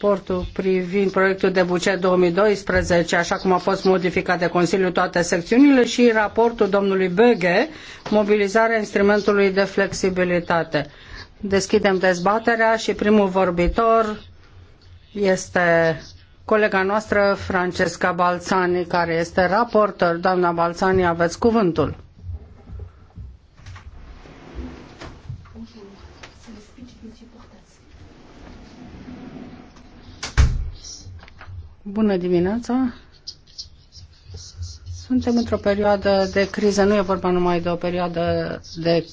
raportul privind proiectul de buget 2012, așa cum a fost modificat de Consiliu toate secțiunile, și raportul domnului Böge, mobilizarea instrumentului de flexibilitate. Deschidem dezbaterea și primul vorbitor este colega noastră Francesca Balzani, care este raportor. Doamna Balzani, aveți cuvântul. Bună dimineața! Suntem într-o perioadă de criză, nu e vorba numai de o perioadă de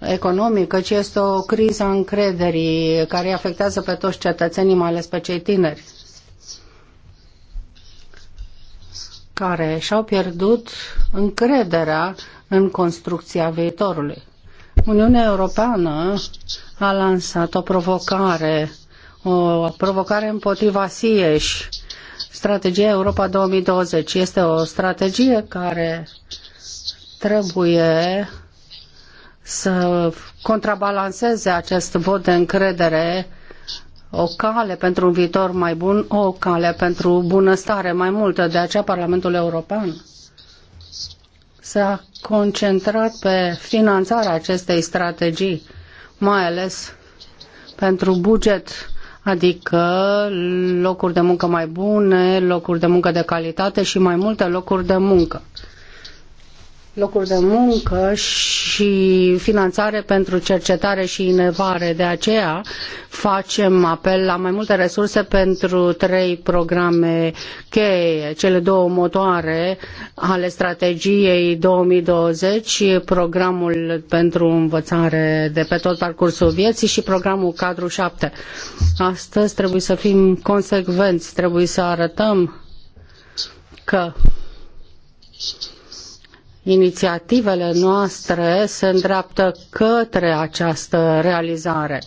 economică, ci este o criză încrederii care îi afectează pe toți cetățenii, mai ales pe cei tineri, care și-au pierdut încrederea în construcția viitorului. Uniunea Europeană a lansat o provocare o provocare împotriva SIEș. Strategia Europa 2020 este o strategie care trebuie să contrabalanceze acest vot de încredere o cale pentru un viitor mai bun, o cale pentru bunăstare mai multă. De aceea Parlamentul European s-a concentrat pe finanțarea acestei strategii, mai ales pentru buget adică locuri de muncă mai bune, locuri de muncă de calitate și mai multe locuri de muncă locuri de muncă și finanțare pentru cercetare și inovare. De aceea facem apel la mai multe resurse pentru trei programe cheie, cele două motoare ale strategiei 2020, programul pentru învățare de pe tot parcursul vieții și programul cadru 7. Astăzi trebuie să fim consecvenți, trebuie să arătăm că inițiativele noastre se îndreaptă către această realizare.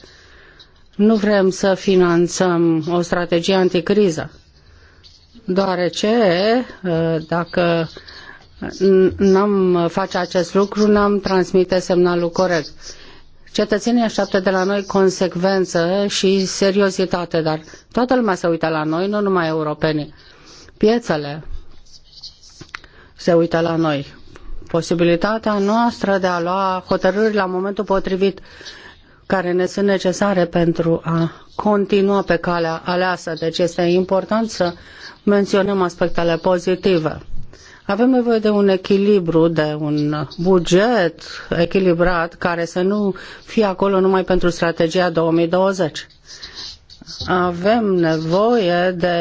Nu vrem să finanțăm o strategie anticriză, deoarece ă, dacă n-am face acest lucru, n-am transmite semnalul corect. Cetățenii așteaptă de la noi consecvență și seriozitate, dar toată lumea se uită la noi, nu numai europenii. Piețele se uită la noi posibilitatea noastră de a lua hotărâri la momentul potrivit care ne sunt necesare pentru a continua pe calea aleasă. Deci este important să menționăm aspectele pozitive. Avem nevoie de un echilibru, de un buget echilibrat care să nu fie acolo numai pentru strategia 2020. Avem nevoie de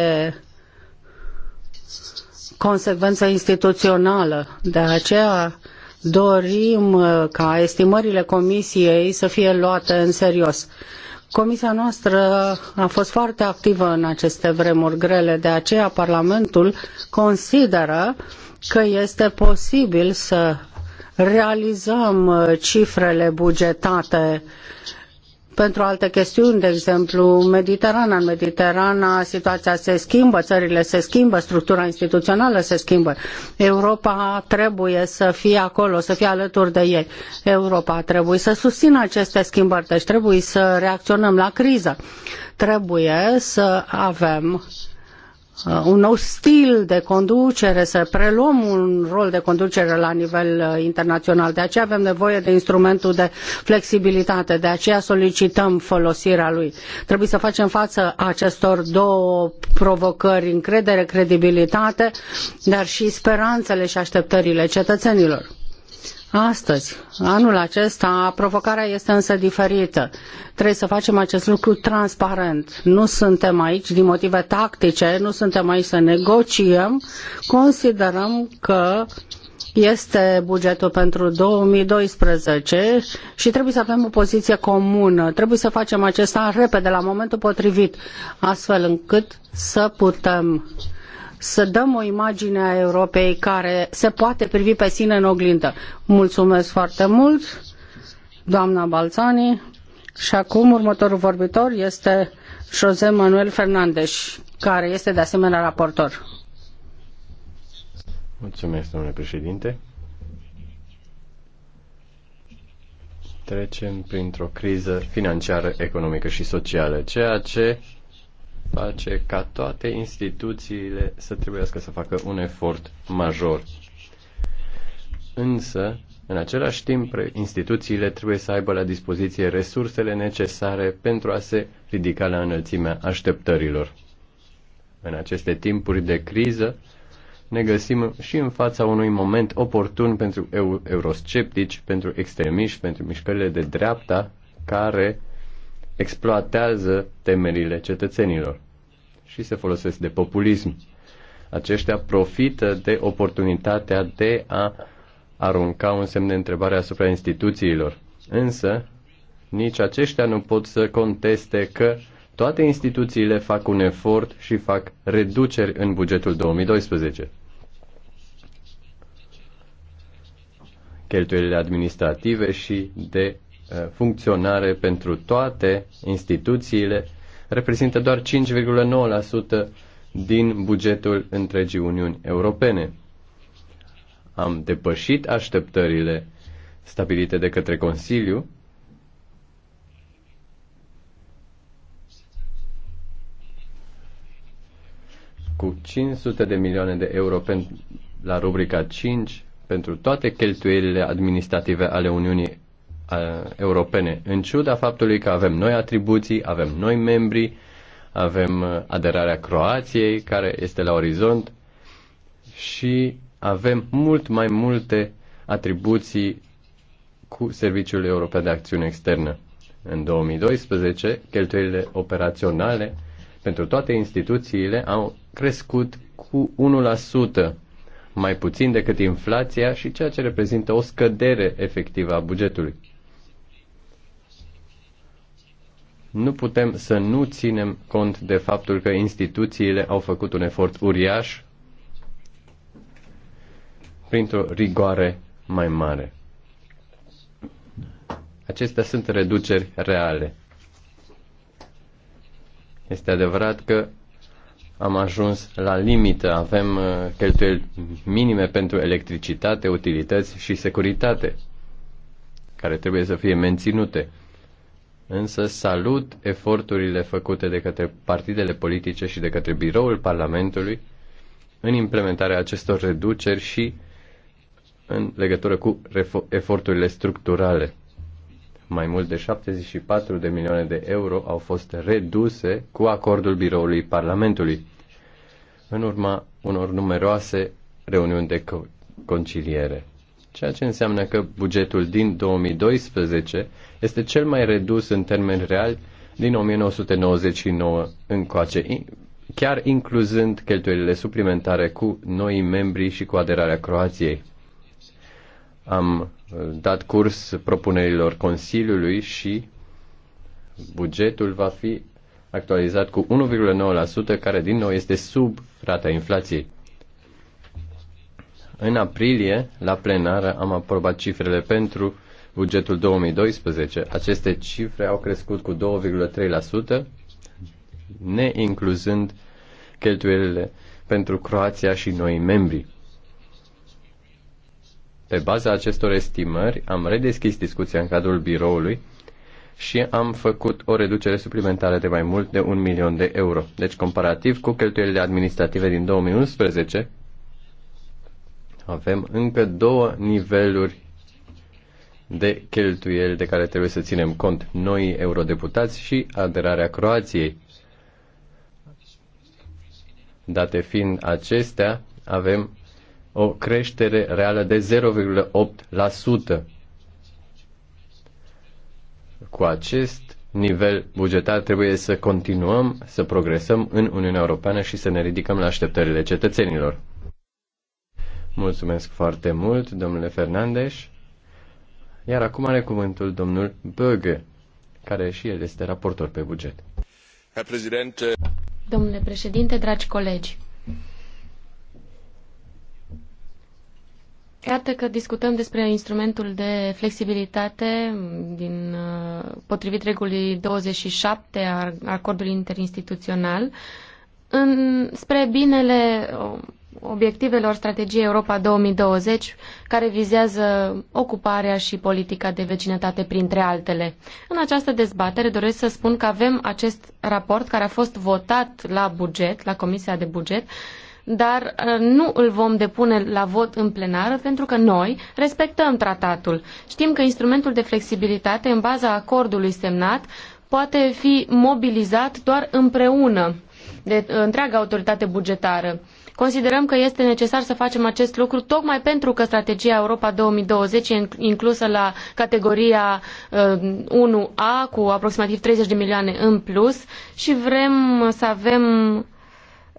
consecvență instituțională. De aceea dorim uh, ca estimările comisiei să fie luate în serios. Comisia noastră a fost foarte activă în aceste vremuri grele, de aceea Parlamentul consideră că este posibil să realizăm uh, cifrele bugetate uh, pentru alte chestiuni, de exemplu Mediterana. În Mediterana situația se schimbă, țările se schimbă, structura instituțională se schimbă. Europa trebuie să fie acolo, să fie alături de ei. Europa trebuie să susțină aceste schimbări, deci trebuie să reacționăm la criză. Trebuie să avem Uh, un nou stil de conducere, să preluăm un rol de conducere la nivel uh, internațional. De aceea avem nevoie de instrumentul de flexibilitate, de aceea solicităm folosirea lui. Trebuie să facem față acestor două provocări, încredere, credibilitate, dar și speranțele și așteptările cetățenilor. Astăzi, anul acesta, provocarea este însă diferită. Trebuie să facem acest lucru transparent. Nu suntem aici din motive tactice, nu suntem aici să negociem. Considerăm că este bugetul pentru 2012 și trebuie să avem o poziție comună. Trebuie să facem acesta repede, la momentul potrivit, astfel încât să putem să dăm o imagine a Europei care se poate privi pe sine în oglindă. Mulțumesc foarte mult, doamna Balțani. Și acum următorul vorbitor este José Manuel Fernandez, care este de asemenea raportor. Mulțumesc, domnule președinte. Trecem printr-o criză financiară, economică și socială, ceea ce face ca toate instituțiile să trebuiască să facă un efort major. Însă, în același timp, instituțiile trebuie să aibă la dispoziție resursele necesare pentru a se ridica la înălțimea așteptărilor. În aceste timpuri de criză, ne găsim și în fața unui moment oportun pentru eu, eurosceptici, pentru extremiști, pentru mișcările de dreapta, care exploatează temerile cetățenilor și se folosesc de populism. Aceștia profită de oportunitatea de a arunca un semn de întrebare asupra instituțiilor. Însă, nici aceștia nu pot să conteste că toate instituțiile fac un efort și fac reduceri în bugetul 2012. Cheltuielile administrative și de Uh, funcționare pentru toate instituțiile reprezintă doar 5,9% din bugetul întregii Uniuni Europene. Am depășit așteptările stabilite de către Consiliu cu 500 de milioane de euro la rubrica 5 pentru toate cheltuielile administrative ale Uniunii europene, în ciuda faptului că avem noi atribuții, avem noi membri, avem aderarea Croației, care este la orizont, și avem mult mai multe atribuții cu Serviciul European de Acțiune Externă. În 2012, cheltuielile operaționale pentru toate instituțiile au crescut cu 1%, mai puțin decât inflația și ceea ce reprezintă o scădere efectivă a bugetului. nu putem să nu ținem cont de faptul că instituțiile au făcut un efort uriaș printr-o rigoare mai mare. Acestea sunt reduceri reale. Este adevărat că am ajuns la limită, avem uh, cheltuieli minime pentru electricitate, utilități și securitate, care trebuie să fie menținute însă salut eforturile făcute de către partidele politice și de către biroul Parlamentului în implementarea acestor reduceri și în legătură cu eforturile structurale. Mai mult de 74 de milioane de euro au fost reduse cu acordul biroului Parlamentului, în urma unor numeroase reuniuni de conciliere ceea ce înseamnă că bugetul din 2012 este cel mai redus în termeni reali din 1999 încoace, chiar incluzând cheltuielile suplimentare cu noi membri și cu aderarea Croației. Am uh, dat curs propunerilor Consiliului și bugetul va fi actualizat cu 1,9%, care din nou este sub rata inflației. În aprilie, la plenară, am aprobat cifrele pentru bugetul 2012. Aceste cifre au crescut cu 2,3%, neincluzând cheltuielile pentru Croația și noi membri. Pe baza acestor estimări, am redeschis discuția în cadrul biroului și am făcut o reducere suplimentară de mai mult de un milion de euro. Deci, comparativ cu cheltuielile administrative din 2011, avem încă două niveluri de cheltuieli de care trebuie să ținem cont noi eurodeputați și aderarea Croației. Date fiind acestea, avem o creștere reală de 0,8%. Cu acest nivel bugetar trebuie să continuăm să progresăm în Uniunea Europeană și să ne ridicăm la așteptările cetățenilor. Mulțumesc foarte mult, domnule Fernandes. Iar acum are cuvântul domnul Böge, care și el este raportor pe buget. Äh, domnule președinte, dragi colegi, Iată că discutăm despre instrumentul de flexibilitate din, uh, potrivit regulii 27 a acordului interinstituțional în, spre binele uh, obiectivelor strategiei Europa 2020, care vizează ocuparea și politica de vecinătate, printre altele. În această dezbatere doresc să spun că avem acest raport care a fost votat la buget, la Comisia de Buget, dar uh, nu îl vom depune la vot în plenară pentru că noi respectăm tratatul. Știm că instrumentul de flexibilitate în baza acordului semnat poate fi mobilizat doar împreună de uh, întreaga autoritate bugetară. Considerăm că este necesar să facem acest lucru tocmai pentru că strategia Europa 2020 e inclusă la categoria 1A uh, cu aproximativ 30 de milioane în plus și vrem să avem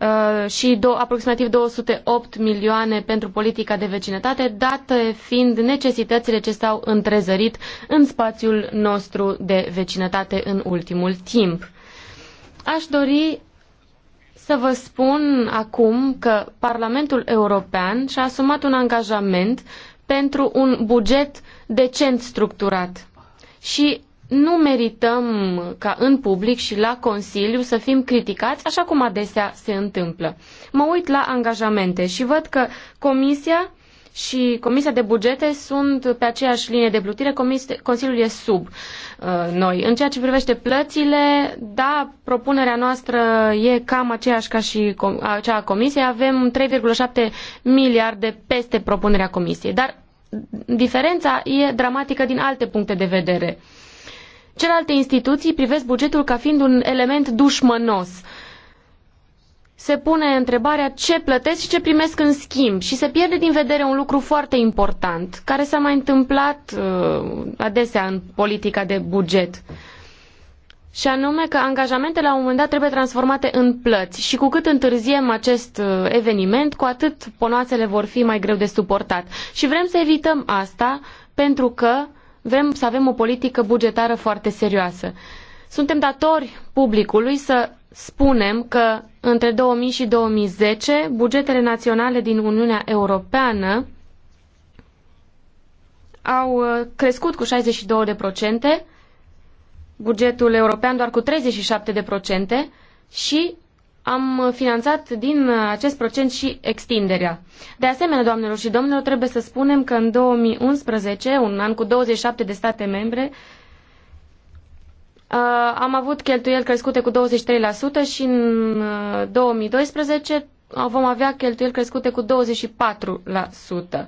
uh, și do- aproximativ 208 milioane pentru politica de vecinătate, date fiind necesitățile ce s-au întrezărit în spațiul nostru de vecinătate în ultimul timp. Aș dori să vă spun acum că Parlamentul European și-a asumat un angajament pentru un buget decent structurat. Și nu merităm ca în public și la Consiliu să fim criticați, așa cum adesea se întâmplă. Mă uit la angajamente și văd că Comisia și Comisia de Bugete sunt pe aceeași linie de plutire, Consiliul e sub. Uh, Uh, noi. În ceea ce privește plățile, da, propunerea noastră e cam aceeași ca și cea a Comisiei. Avem 3,7 miliarde peste propunerea Comisiei, dar diferența e dramatică din alte puncte de vedere. Celelalte instituții privesc bugetul ca fiind un element dușmănos. Uh, se pune întrebarea ce plătesc și ce primesc în schimb și se pierde din vedere un lucru foarte important care s-a mai întâmplat uh, adesea în politica de buget. Și anume că angajamentele la un moment dat trebuie transformate în plăți și cu cât întârziem acest uh, eveniment, cu atât ponoasele vor fi mai greu de suportat. Și vrem să evităm asta pentru că vrem să avem o politică bugetară foarte serioasă. Suntem datori publicului să spunem că între 2000 și 2010 bugetele naționale din Uniunea Europeană au uh, crescut cu 62%, bugetul european doar cu 37% și am finanțat din acest procent și extinderea. De asemenea, doamnelor și domnilor, trebuie să spunem că în 2011, un an cu 27 de state membre, Uh, am avut cheltuieli crescute cu 23% și în 2012 uh, vom avea cheltuieli crescute cu 24%.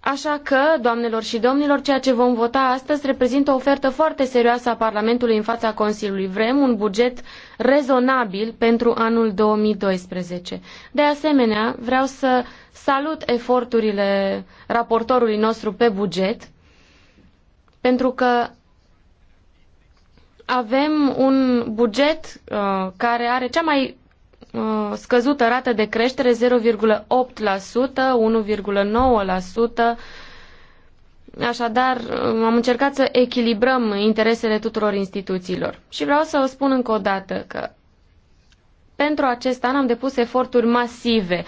Așa că, doamnelor și domnilor, ceea ce vom vota astăzi reprezintă o ofertă foarte serioasă a Parlamentului în fața Consiliului. Vrem un buget rezonabil pentru anul 2012. De asemenea, vreau să salut eforturile raportorului nostru pe buget, pentru că avem un buget uh, care are cea mai uh, scăzută rată de creștere, 0,8%, 1,9%. Așadar, uh, am încercat să echilibrăm interesele tuturor instituțiilor. Și vreau să o spun încă o dată că pentru acest an am depus eforturi masive.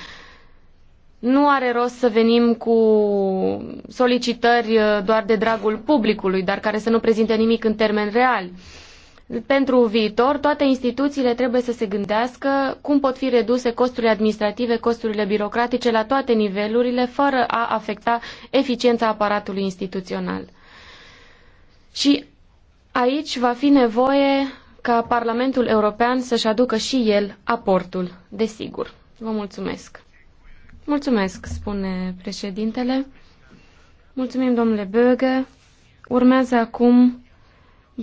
Nu are rost să venim cu solicitări uh, doar de dragul publicului, dar care să nu prezinte nimic în termeni reali. Pentru viitor, toate instituțiile trebuie să se gândească cum pot fi reduse costurile administrative, costurile birocratice la toate nivelurile, fără a afecta eficiența aparatului instituțional. Și aici va fi nevoie ca Parlamentul European să-și aducă și el aportul, desigur. Vă mulțumesc. Mulțumesc, spune președintele. Mulțumim, domnule Böge. Urmează acum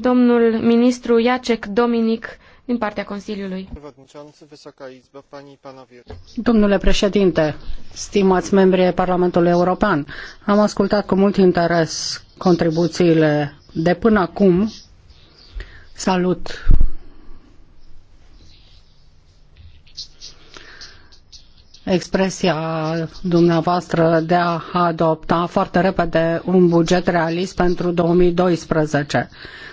domnul ministru Jacek Dominic din partea Consiliului. Domnule președinte, stimați membri ai Parlamentului European, am ascultat cu mult interes contribuțiile de până acum. Salut expresia dumneavoastră de a adopta foarte repede un buget realist pentru 2012.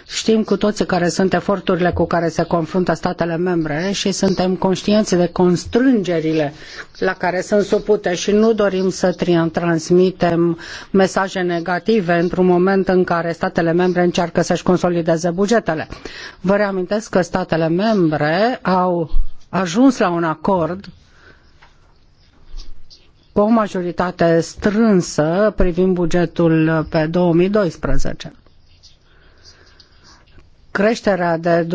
Știm cu toții care sunt eforturile cu care se confruntă statele membre și suntem conștienți de constrângerile la care sunt supute și nu dorim să transmitem mesaje negative într-un moment în care statele membre încearcă să-și consolideze bugetele. Vă reamintesc că statele membre au ajuns la un acord cu o majoritate strânsă privind bugetul pe 2012. Creșterea de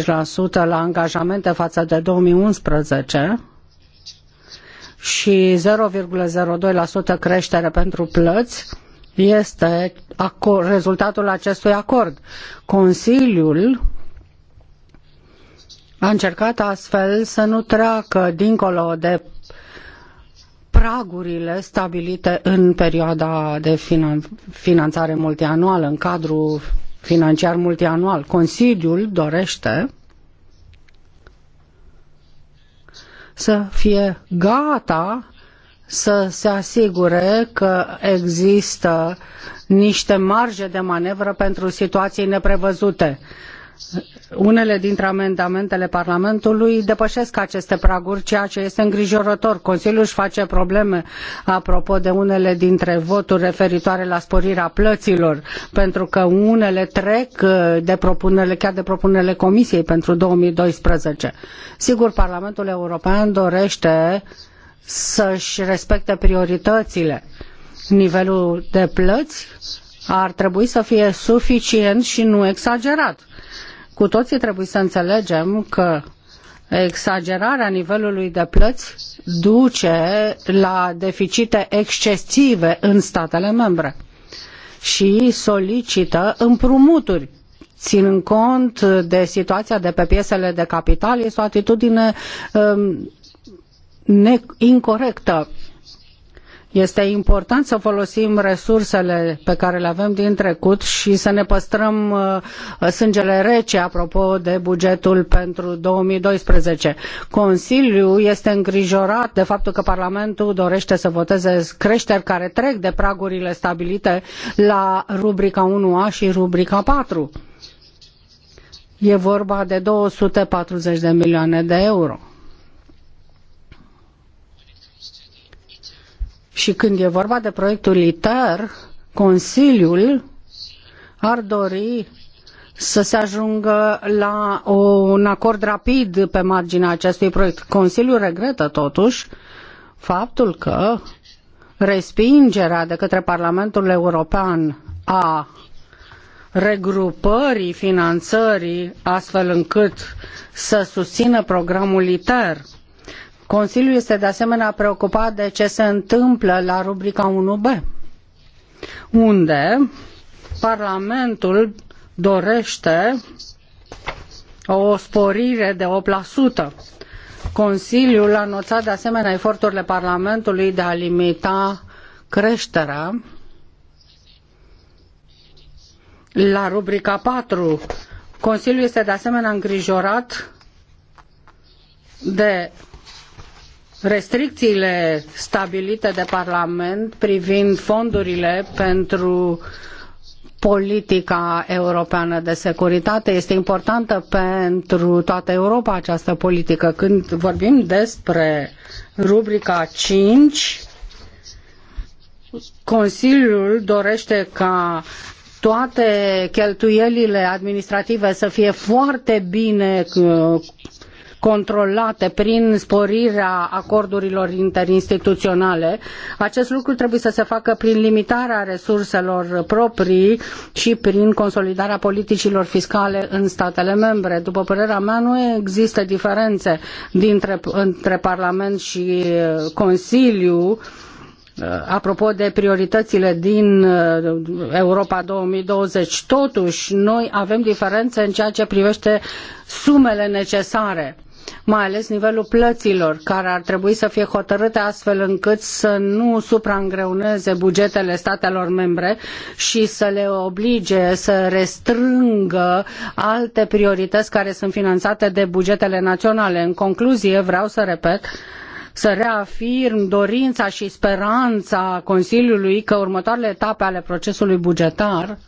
2,90% la angajamente față de 2011 și 0,02% creștere pentru plăți este rezultatul acestui acord. Consiliul a încercat astfel să nu treacă dincolo de pragurile stabilite în perioada de finan- finanțare multianuală, în cadrul financiar multianual. Consiliul dorește să fie gata să se asigure că există niște marje de manevră pentru situații neprevăzute. Unele dintre amendamentele Parlamentului depășesc aceste praguri, ceea ce este îngrijorător. Consiliul își face probleme apropo de unele dintre voturi referitoare la sporirea plăților, pentru că unele trec uh, de propunele, chiar de propunerile Comisiei pentru 2012. Sigur, Parlamentul European dorește să-și respecte prioritățile. Nivelul de plăți ar trebui să fie suficient și nu exagerat cu toții trebuie să înțelegem că exagerarea nivelului de plăți duce la deficite excesive în statele membre și solicită împrumuturi ținând cont de situația de pe piesele de capital, este o atitudine um, incorrectă. Este important să folosim resursele pe care le avem din trecut și să ne păstrăm uh, sângele rece apropo de bugetul pentru 2012. Consiliul este îngrijorat de faptul că Parlamentul dorește să voteze creșteri care trec de pragurile stabilite la rubrica 1A și rubrica 4. E vorba de 240 de milioane de euro Și când e vorba de proiectul ITER, Consiliul ar dori să se ajungă la un acord rapid pe marginea acestui proiect. Consiliul regretă totuși faptul că respingerea de către Parlamentul European a regrupării finanțării astfel încât să susțină programul ITER Consiliul este de asemenea preocupat de ce se întâmplă la rubrica 1b, unde Parlamentul dorește o sporire de 8%. Consiliul a anunțat de asemenea eforturile Parlamentului de a limita creșterea la rubrica 4. Consiliul este de asemenea îngrijorat de restricțiile stabilite de Parlament privind fondurile pentru politica europeană de securitate. Este importantă pentru toată Europa această politică. Când vorbim despre rubrica 5, Consiliul dorește ca toate cheltuielile administrative să fie foarte bine uh, controlate prin sporirea acordurilor interinstituționale. Acest lucru trebuie să se facă prin limitarea resurselor proprii și prin consolidarea politicilor fiscale în statele membre. După părerea mea, nu există diferențe dintre, între Parlament și uh, Consiliu uh, apropo de prioritățile din uh, Europa 2020, totuși noi avem diferențe în ceea ce privește sumele necesare mai ales nivelul plăților, care ar trebui să fie hotărâte astfel încât să nu supraîngreuneze bugetele statelor membre și să le oblige să restrângă alte priorități care sunt finanțate de bugetele naționale. În concluzie, vreau să repet să reafirm dorința și speranța Consiliului că următoarele etape ale procesului bugetar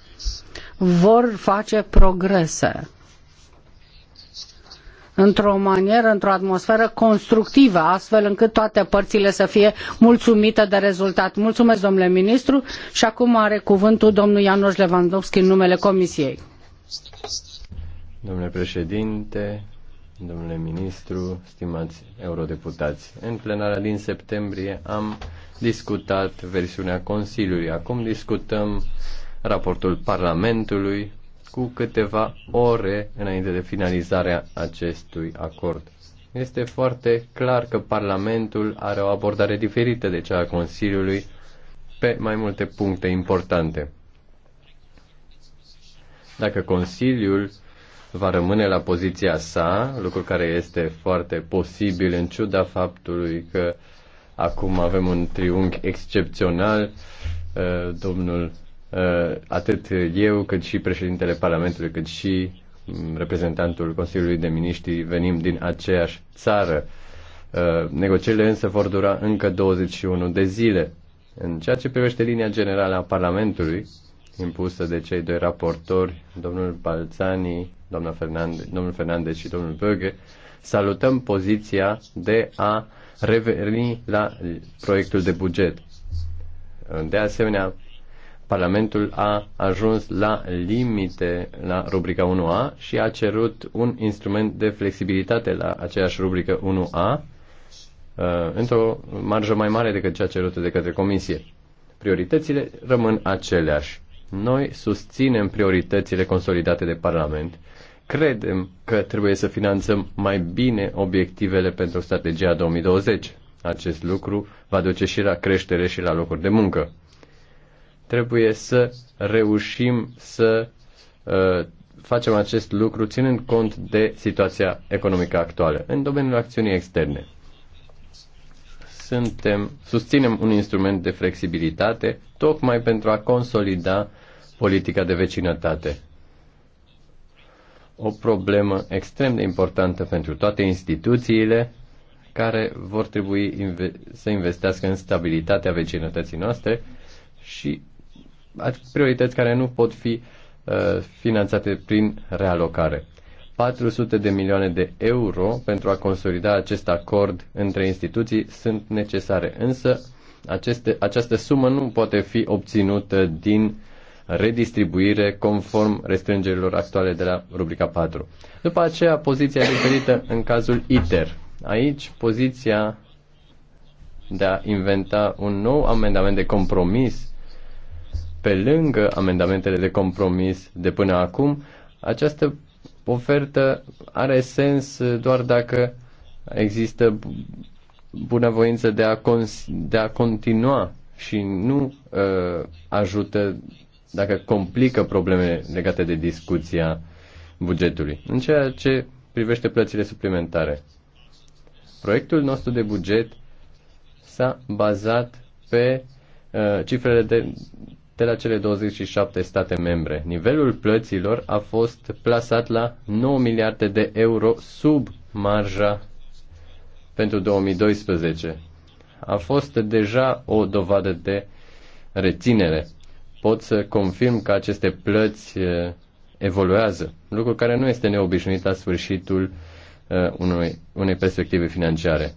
vor face progrese într-o manieră, într-o atmosferă constructivă, astfel încât toate părțile să fie mulțumite de rezultat. Mulțumesc, domnule ministru, și acum are cuvântul domnul Ianoș Lewandowski în numele Comisiei. Domnule președinte, domnule ministru, stimați eurodeputați, în plenara din septembrie am discutat versiunea Consiliului. Acum discutăm raportul Parlamentului cu câteva ore înainte de finalizarea acestui acord. Este foarte clar că Parlamentul are o abordare diferită de cea a Consiliului pe mai multe puncte importante. Dacă Consiliul va rămâne la poziția sa, lucru care este foarte posibil în ciuda faptului că acum avem un triunghi excepțional, uh, domnul Uh, atât eu, cât și președintele Parlamentului, cât și mm, reprezentantul Consiliului de Miniștri venim din aceeași țară. Uh, negocierile însă vor dura încă 21 de zile. În ceea ce privește linia generală a Parlamentului, impusă de cei doi raportori, domnul Balțani, doamna Fernande, domnul Fernandez și domnul Böge, salutăm poziția de a reveni la proiectul de buget. De asemenea, Parlamentul a ajuns la limite la rubrica 1A și a cerut un instrument de flexibilitate la aceeași rubrică 1A uh, într-o marjă mai mare decât cea cerută de către Comisie. Prioritățile rămân aceleași. Noi susținem prioritățile consolidate de Parlament. Credem că trebuie să finanțăm mai bine obiectivele pentru strategia 2020. Acest lucru va duce și la creștere și la locuri de muncă Trebuie să reușim să uh, facem acest lucru ținând cont de situația economică actuală în domeniul acțiunii externe. Suntem, susținem un instrument de flexibilitate tocmai pentru a consolida politica de vecinătate. O problemă extrem de importantă pentru toate instituțiile care vor trebui inve- să investească în stabilitatea vecinătății noastre și priorități care nu pot fi uh, finanțate prin realocare. 400 de milioane de euro pentru a consolida acest acord între instituții sunt necesare, însă aceste, această sumă nu poate fi obținută din redistribuire conform restrângerilor actuale de la rubrica 4. După aceea, poziția diferită în cazul ITER. Aici, poziția de a inventa un nou amendament de compromis pe lângă amendamentele de compromis de până acum, această ofertă are sens doar dacă există bunăvoință de a, con- de a continua și nu uh, ajută dacă complică probleme legate de discuția bugetului. În ceea ce privește plățile suplimentare. Proiectul nostru de buget s-a bazat pe uh, cifrele de de la cele 27 state membre. Nivelul plăților a fost plasat la 9 miliarde de euro sub marja pentru 2012. A fost deja o dovadă de reținere. Pot să confirm că aceste plăți eh, evoluează, lucru care nu este neobișnuit la sfârșitul eh, unui, unei perspective financiare.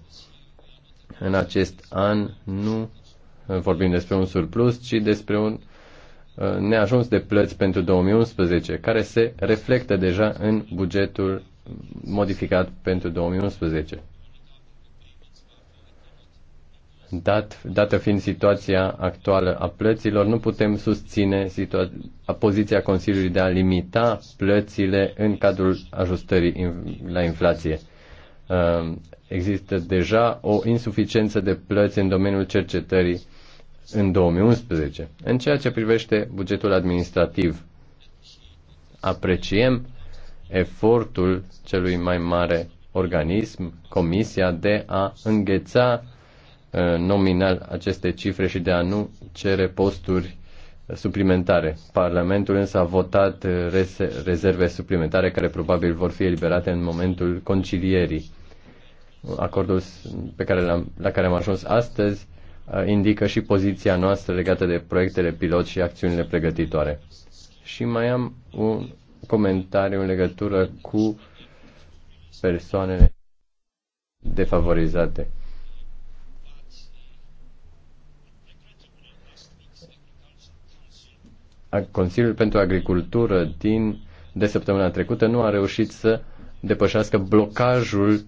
În acest an nu vorbim despre un surplus, ci despre un uh, neajuns de plăți pentru 2011, care se reflectă deja în bugetul modificat pentru 2011. Dat, dată fiind situația actuală a plăților, nu putem susține poziția Consiliului de a limita plățile în cadrul ajustării la inflație. Uh, există deja o insuficiență de plăți în domeniul cercetării în 2011. În ceea ce privește bugetul administrativ, apreciem efortul celui mai mare organism, Comisia, de a îngheța uh, nominal aceste cifre și de a nu cere posturi suplimentare. Parlamentul însă a votat uh, rezerve suplimentare care probabil vor fi eliberate în momentul concilierii. Acordul pe care la care am ajuns astăzi Uh, indică și poziția noastră legată de proiectele pilot și acțiunile pregătitoare. Și mai am un comentariu în legătură cu persoanele defavorizate. Consiliul pentru Agricultură din de săptămâna trecută nu a reușit să depășească blocajul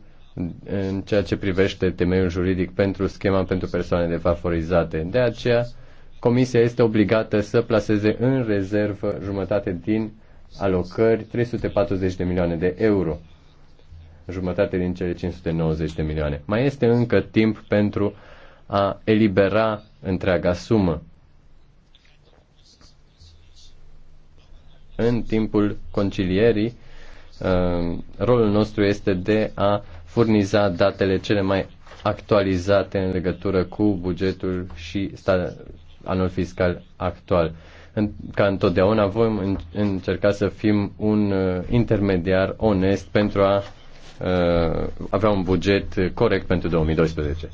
în ceea ce privește temeiul juridic pentru schema pentru persoane defavorizate. De aceea, Comisia este obligată să placeze în rezervă jumătate din alocări 340 de milioane de euro, jumătate din cele 590 de milioane. Mai este încă timp pentru a elibera întreaga sumă. În timpul concilierii, uh, rolul nostru este de a furniza datele cele mai actualizate în legătură cu bugetul și anul fiscal actual. În, ca întotdeauna vom încerca să fim un uh, intermediar onest pentru a uh, avea un buget corect pentru 2012.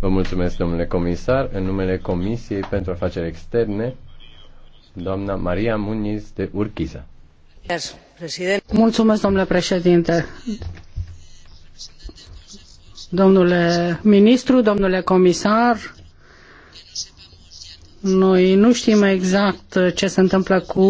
Vă mulțumesc, domnule comisar, în numele Comisiei pentru Afaceri Externe, doamna Maria Muniz de Urchiza. Mulțumesc, domnule președinte. Domnule ministru, domnule comisar, noi nu știm exact ce se întâmplă cu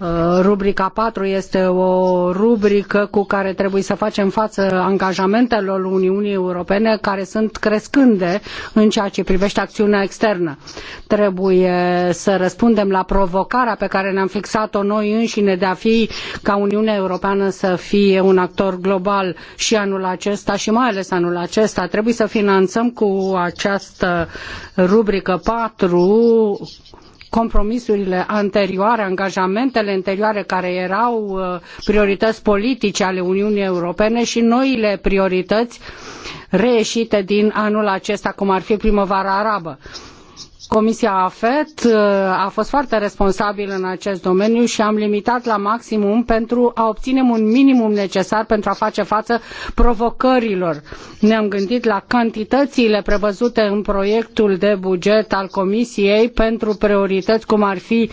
Uh, rubrica 4 este o rubrică cu care trebuie să facem față angajamentelor Uniunii Europene care sunt crescânde în ceea ce privește acțiunea externă. Trebuie să răspundem la provocarea pe care ne-am fixat-o noi înșine de a fi ca Uniunea Europeană să fie un actor global și anul acesta și mai ales anul acesta. Trebuie să finanțăm cu această rubrică 4 compromisurile anterioare, angajamentele anterioare care erau uh, priorități politice ale Uniunii Europene și noile priorități reieșite din anul acesta, cum ar fi primăvara arabă. Comisia AFET uh, a fost foarte responsabilă în acest domeniu și am limitat la maximum pentru a obține un minimum necesar pentru a face față provocărilor. Ne-am gândit la cantitățile prevăzute în proiectul de buget al Comisiei pentru priorități cum ar fi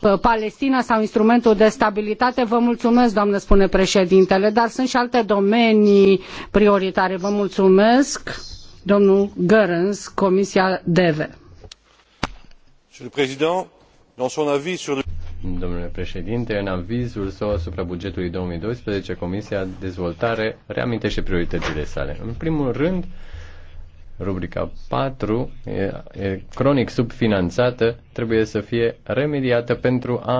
uh, Palestina sau instrumentul de stabilitate. Vă mulțumesc, doamnă, spune președintele, dar sunt și alte domenii prioritare. Vă mulțumesc, domnul Gărâns, Comisia DEVE. Domnule președinte, în avizul său asupra bugetului 2012, Comisia Dezvoltare reamintește prioritățile sale. În primul rând, rubrica 4, e, e cronic subfinanțată, trebuie să fie remediată pentru a,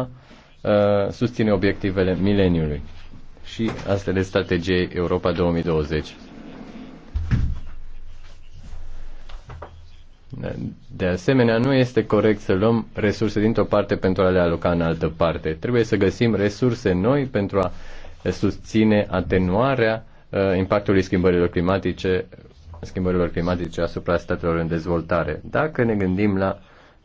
a ă, susține obiectivele mileniului și de strategie Europa 2020. De asemenea, nu este corect să luăm resurse dintr-o parte pentru a le aloca în altă parte. Trebuie să găsim resurse noi pentru a susține atenuarea uh, impactului schimbărilor climatice, schimbărilor climatice asupra statelor în dezvoltare. Dacă ne gândim la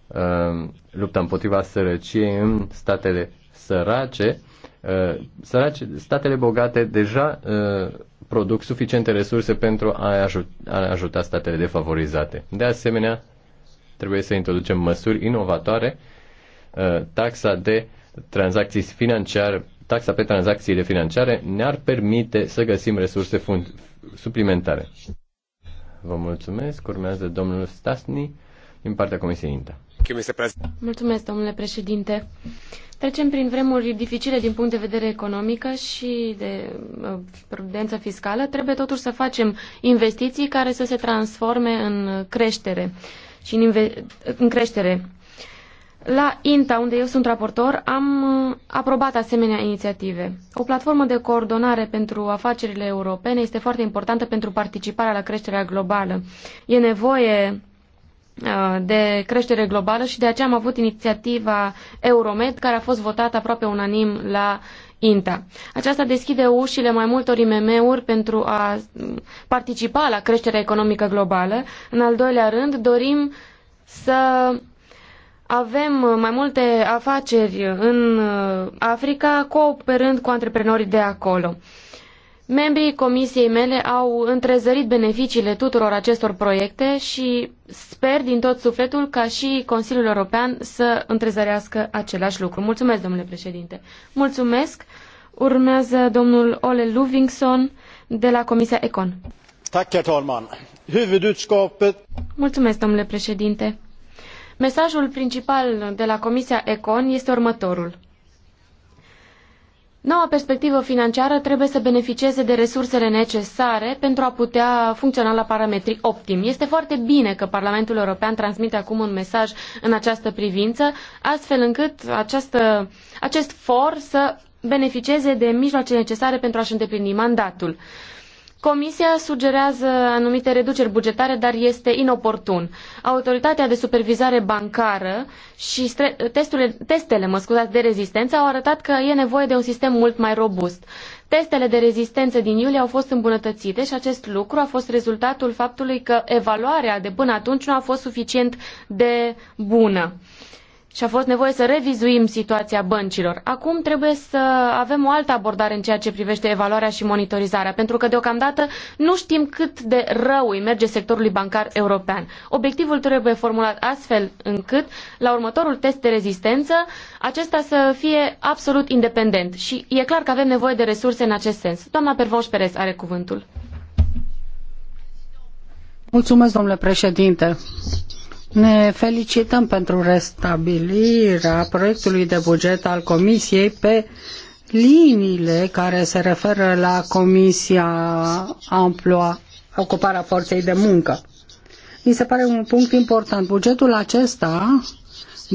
uh, lupta împotriva sărăciei în statele sărace, uh, sărace statele bogate deja uh, produc suficiente resurse pentru a ajuta, a ajuta statele defavorizate. De asemenea, trebuie să introducem măsuri inovatoare, uh, taxa de tranzacții financiare, taxa pe tranzacțiile financiare ne-ar permite să găsim resurse fund- suplimentare. Vă mulțumesc. Urmează domnul Stasni din partea Comisiei INTA. Mulțumesc, domnule președinte. Trecem prin vremuri dificile din punct de vedere economică și de uh, prudență fiscală. Trebuie totuși să facem investiții care să se transforme în creștere și în, în creștere. La INTA, unde eu sunt raportor, am uh, aprobat asemenea inițiative. O platformă de coordonare pentru afacerile europene este foarte importantă pentru participarea la creșterea globală. E nevoie Uh, de creștere globală și de aceea am avut inițiativa Euromed, care a fost votată aproape unanim la INTA. Aceasta deschide ușile mai multor IMM-uri pentru a participa la creșterea economică globală. În al doilea rând, dorim să avem mai multe afaceri în Africa cooperând cu antreprenorii de acolo. Membrii comisiei mele au întrezărit beneficiile tuturor acestor proiecte și sper din tot sufletul ca și Consiliul European să întrezărească acelai lucru. Mulțumesc, domnule președinte. Mulțumesc. Urmează domnul Ole Luvingson de la Comisia Econ. Mulțumesc, domnule președinte. Mesajul principal de la Comisia Econ este următorul. Noua perspectivă financiară trebuie să beneficieze de resursele necesare pentru a putea funcționa la parametri optim. Este foarte bine că Parlamentul European transmite acum un mesaj în această privință, astfel încât această, acest for să beneficieze de mijloace necesare pentru a-și îndeplini mandatul. Uh, Comisia sugerează anumite reduceri bugetare, dar este inoportun. Autoritatea de supervizare bancară și testurile, testele mă scuzați, de rezistență au arătat că e nevoie de un sistem mult mai robust. Testele de rezistență din iulie au fost îmbunătățite și acest lucru a fost rezultatul faptului că evaluarea de până atunci nu a fost suficient de bună și a fost nevoie să revizuim situația băncilor. Acum trebuie să avem o altă abordare în ceea ce privește evaluarea și monitorizarea, pentru că deocamdată nu știm cât de rău îi merge sectorului bancar european. Obiectivul trebuie formulat astfel încât, la următorul test de rezistență, acesta să fie absolut independent și e clar că avem nevoie de resurse în acest sens. Doamna Pervoș Perez are cuvântul. Mulțumesc, domnule președinte. Ne felicităm pentru restabilirea proiectului de buget al Comisiei pe liniile care se referă la Comisia Amploa, ocuparea forței de muncă. Mi se pare un punct important. Bugetul acesta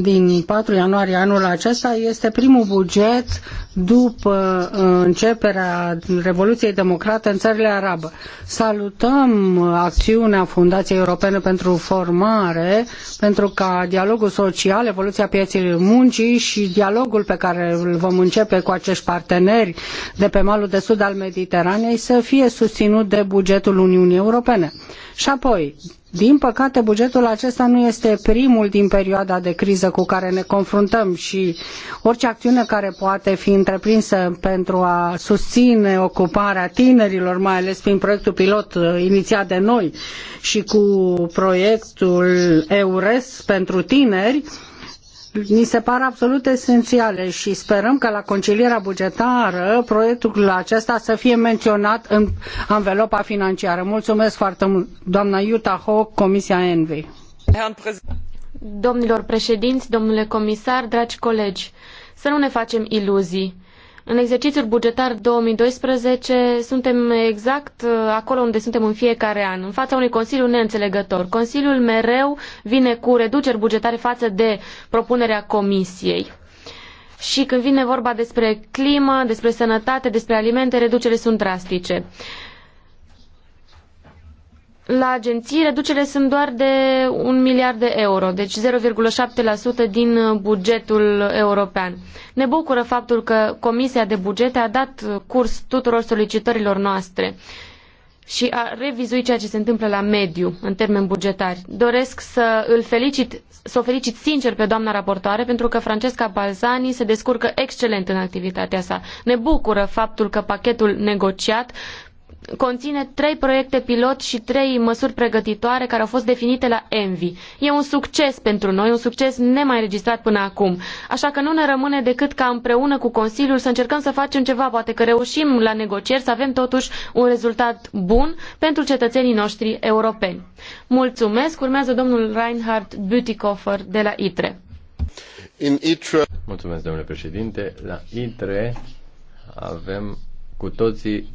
din 4 ianuarie anul acesta este primul buget după uh, începerea Revoluției Democrate în țările arabe. Salutăm acțiunea Fundației Europene pentru Formare pentru ca dialogul social, evoluția pieței muncii și dialogul pe care îl vom începe cu acești parteneri de pe malul de sud al Mediteranei să fie susținut de bugetul Uniunii Europene. Și apoi, din păcate, bugetul acesta nu este primul din perioada de criză cu care ne confruntăm și orice acțiune care poate fi întreprinsă pentru a susține ocuparea tinerilor, mai ales prin proiectul pilot uh, inițiat de noi și cu proiectul EURES pentru tineri, uh, Ni se par absolut esențiale și sperăm că la concilierea bugetară proiectul acesta să fie menționat în anvelopa financiară. Mulțumesc foarte mult, doamna Iuta Hoc, Comisia Envi. Domnilor președinți, domnule comisar, dragi colegi, să nu ne facem iluzii. În exercițiul bugetar 2012 suntem exact uh, acolo unde suntem în fiecare an, în fața unui Consiliu neînțelegător. Consiliul mereu vine cu reduceri bugetare față de propunerea Comisiei. Și când vine vorba despre climă, despre sănătate, despre alimente, reducerile sunt drastice. Uh, la agenții, reducerile sunt doar de un miliard de euro, deci 0,7% din uh, bugetul european. Ne bucură faptul că Comisia de Bugete a dat uh, curs tuturor solicitărilor noastre și a revizuit ceea ce se întâmplă la mediu în termeni bugetari. Doresc să îl felicit, să o felicit sincer pe doamna raportoare pentru că Francesca Balzani se descurcă excelent în activitatea sa. Ne bucură faptul că pachetul negociat conține trei proiecte pilot și trei măsuri pregătitoare care au fost definite la ENVI. E un succes pentru noi, un succes nemai registrat până acum. Așa că nu ne rămâne decât ca împreună cu Consiliul să încercăm să facem ceva, poate că reușim la negocieri să avem totuși un rezultat bun pentru cetățenii noștri europeni. Mulțumesc, urmează domnul Reinhard Bütikofer de la ITRE. ITRE... Mulțumesc, domnule președinte. La ITRE avem cu toții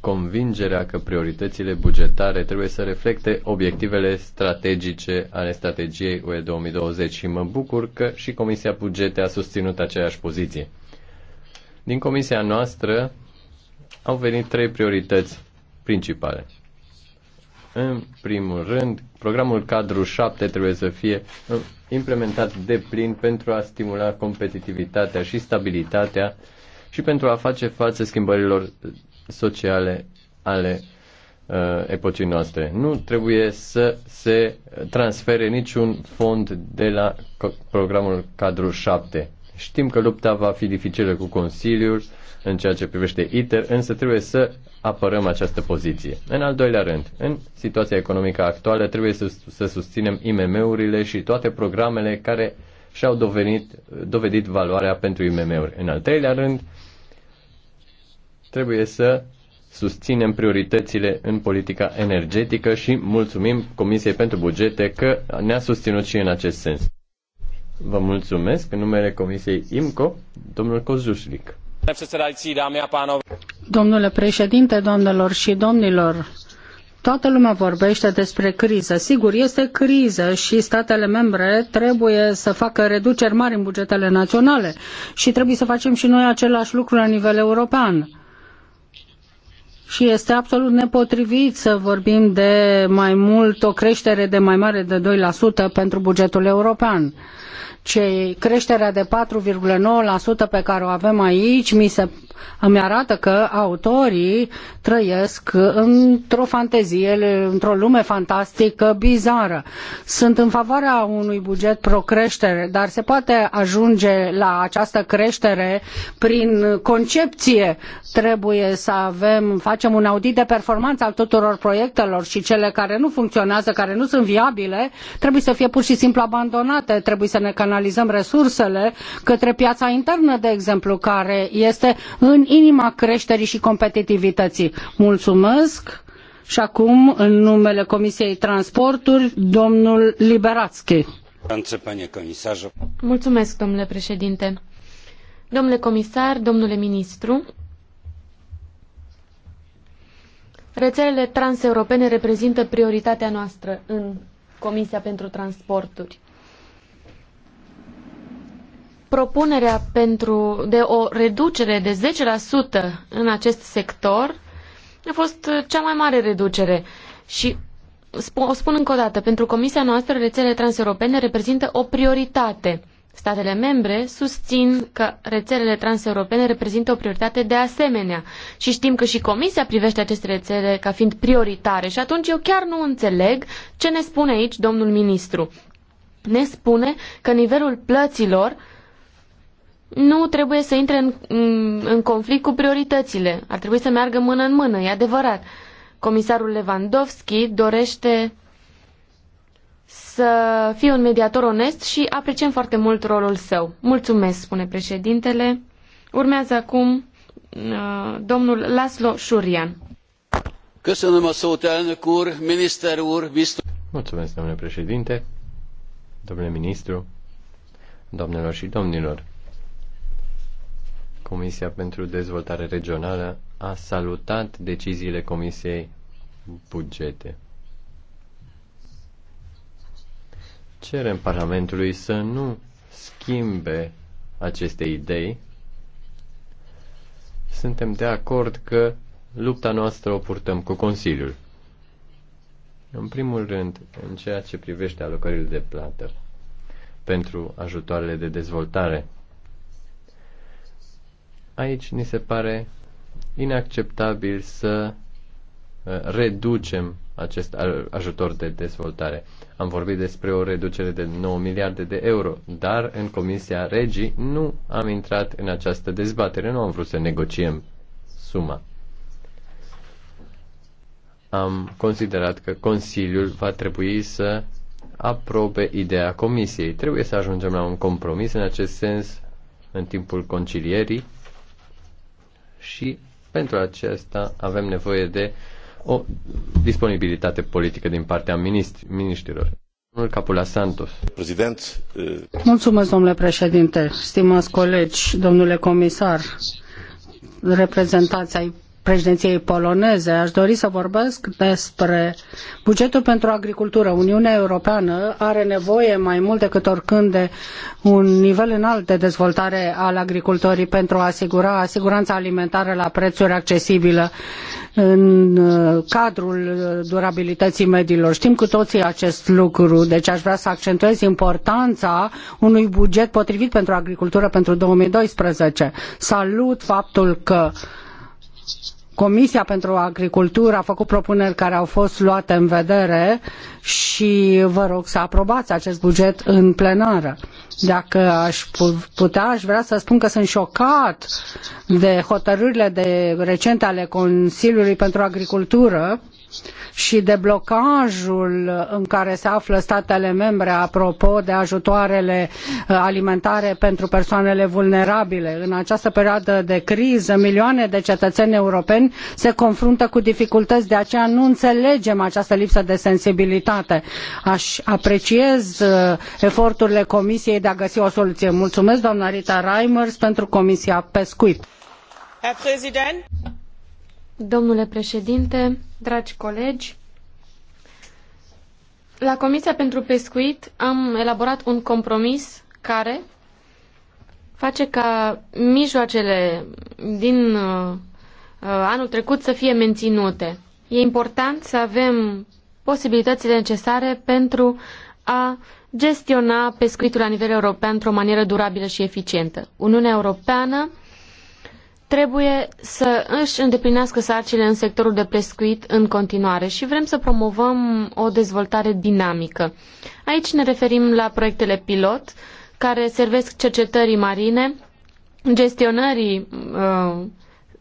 convingerea că prioritățile bugetare trebuie să reflecte obiectivele strategice ale strategiei UE 2020 și mă bucur că și Comisia Bugete a susținut aceeași poziție. Din comisia noastră au venit trei priorități principale. În primul rând, programul cadru 7 trebuie să fie uh, implementat de plin pentru a stimula competitivitatea și stabilitatea și pentru a face față schimbărilor sociale ale uh, epocii noastre. Nu trebuie să se transfere niciun fond de la programul cadru 7. Știm că lupta va fi dificilă cu Consiliul în ceea ce privește ITER, însă trebuie să apărăm această poziție. În al doilea rând, în situația economică actuală trebuie să, să susținem IMM-urile și toate programele care și-au dovedit, dovedit valoarea pentru IMM-uri. În al treilea rând, uh, Trebuie să susținem prioritățile în politica energetică și mulțumim Comisiei pentru Bugete că ne-a susținut și în acest sens. Vă mulțumesc în numele Comisiei IMCO, domnul Cozușlic. Domnule președinte, domnilor și domnilor, Toată lumea vorbește despre criză. Sigur, este criză și statele membre trebuie să facă reduceri mari în bugetele naționale și trebuie să facem și noi același lucru la nivel european și este absolut nepotrivit să vorbim de mai mult, o creștere de mai mare de 2% pentru bugetul european ce creșterea de 4,9% pe care o avem aici mi se îmi arată că autorii trăiesc într-o fantezie, într-o lume fantastică, bizară. Sunt în favoarea unui buget pro-creștere, dar se poate ajunge la această creștere prin concepție. Trebuie să avem, facem un audit de performanță al tuturor proiectelor și cele care nu funcționează, care nu sunt viabile, trebuie să fie pur și simplu abandonate. Trebuie să ne ne canalizăm resursele către piața internă, de exemplu, care este în inima creșterii și competitivității. Mulțumesc! Și acum, în numele Comisiei Transporturi, domnul Liberațchi. Mulțumesc, domnule președinte. Domnule comisar, domnule ministru, rețelele transeuropene reprezintă prioritatea noastră în Comisia pentru Transporturi propunerea pentru, de o reducere de 10% în acest sector a fost cea mai mare reducere. Și o spun încă o dată, pentru Comisia noastră rețelele transeuropene reprezintă o prioritate. Statele membre susțin că rețelele transeuropene reprezintă o prioritate de asemenea și știm că și Comisia privește aceste rețele ca fiind prioritare și atunci eu chiar nu înțeleg ce ne spune aici domnul ministru. Ne spune că nivelul plăților nu trebuie să intre în, în, conflict cu prioritățile. Ar trebui să meargă mână în mână, e adevărat. Comisarul Lewandowski dorește să fie un mediator onest și apreciem foarte mult rolul său. Mulțumesc, spune președintele. Urmează acum uh, domnul Laszlo Șurian. Mulțumesc, domnule președinte, domnule ministru, domnilor și domnilor. Comisia pentru Dezvoltare Regională a salutat deciziile Comisiei Bugete. Cerem Parlamentului să nu schimbe aceste idei. Suntem de acord că lupta noastră o purtăm cu Consiliul. În primul rând, în ceea ce privește alocările de plată pentru ajutoarele de dezvoltare Aici ni se pare inacceptabil să uh, reducem acest ajutor de dezvoltare. Am vorbit despre o reducere de 9 miliarde de euro, dar în Comisia Regii nu am intrat în această dezbatere, nu am vrut să negociem suma. Am considerat că Consiliul va trebui să aprobe ideea Comisiei. Trebuie să ajungem la un compromis în acest sens în timpul concilierii și pentru aceasta avem nevoie de o disponibilitate politică din partea miniștrilor. Domnul Capula Santos. Prezident. Eh, Mulțumesc, domnule președinte, stimați colegi, domnule comisar, reprezentanții. ai președinției poloneze. Aș dori să vorbesc despre bugetul pentru agricultură. Uniunea Europeană are nevoie mai mult decât oricând de un nivel înalt de dezvoltare al agricultorii pentru a asigura siguranța alimentară la prețuri accesibile în uh, cadrul durabilității mediilor. Știm cu toții acest lucru, deci aș vrea să accentuez importanța unui buget potrivit pentru agricultură pentru 2012. Salut faptul că Comisia pentru Agricultură a făcut propuneri care au fost luate în vedere și vă rog să aprobați acest buget în plenară. Dacă aș putea, aș vrea să spun că sunt șocat de hotărârile de recente ale Consiliului pentru Agricultură și de blocajul în care se află statele membre apropo de ajutoarele uh, alimentare pentru persoanele vulnerabile. În această perioadă de criză, milioane de cetățeni europeni se confruntă cu dificultăți, de aceea nu înțelegem această lipsă de sensibilitate. Aș apreciez uh, eforturile Comisiei de a găsi o soluție. Mulțumesc, doamna Rita Reimers, pentru Comisia Pescuit. Herr Präsident! Domnule președinte, dragi colegi, la Comisia pentru Pescuit am elaborat un compromis care face ca mijloacele din uh, anul trecut să fie menținute. E important să avem posibilitățile necesare pentru a gestiona pescuitul la nivel european într-o manieră durabilă și eficientă. Uniunea Europeană uh, trebuie să își îndeplinească sarcile în sectorul de pescuit în continuare și vrem să promovăm o dezvoltare dinamică. Aici ne referim la proiectele pilot care servesc cercetării marine, gestionării uh,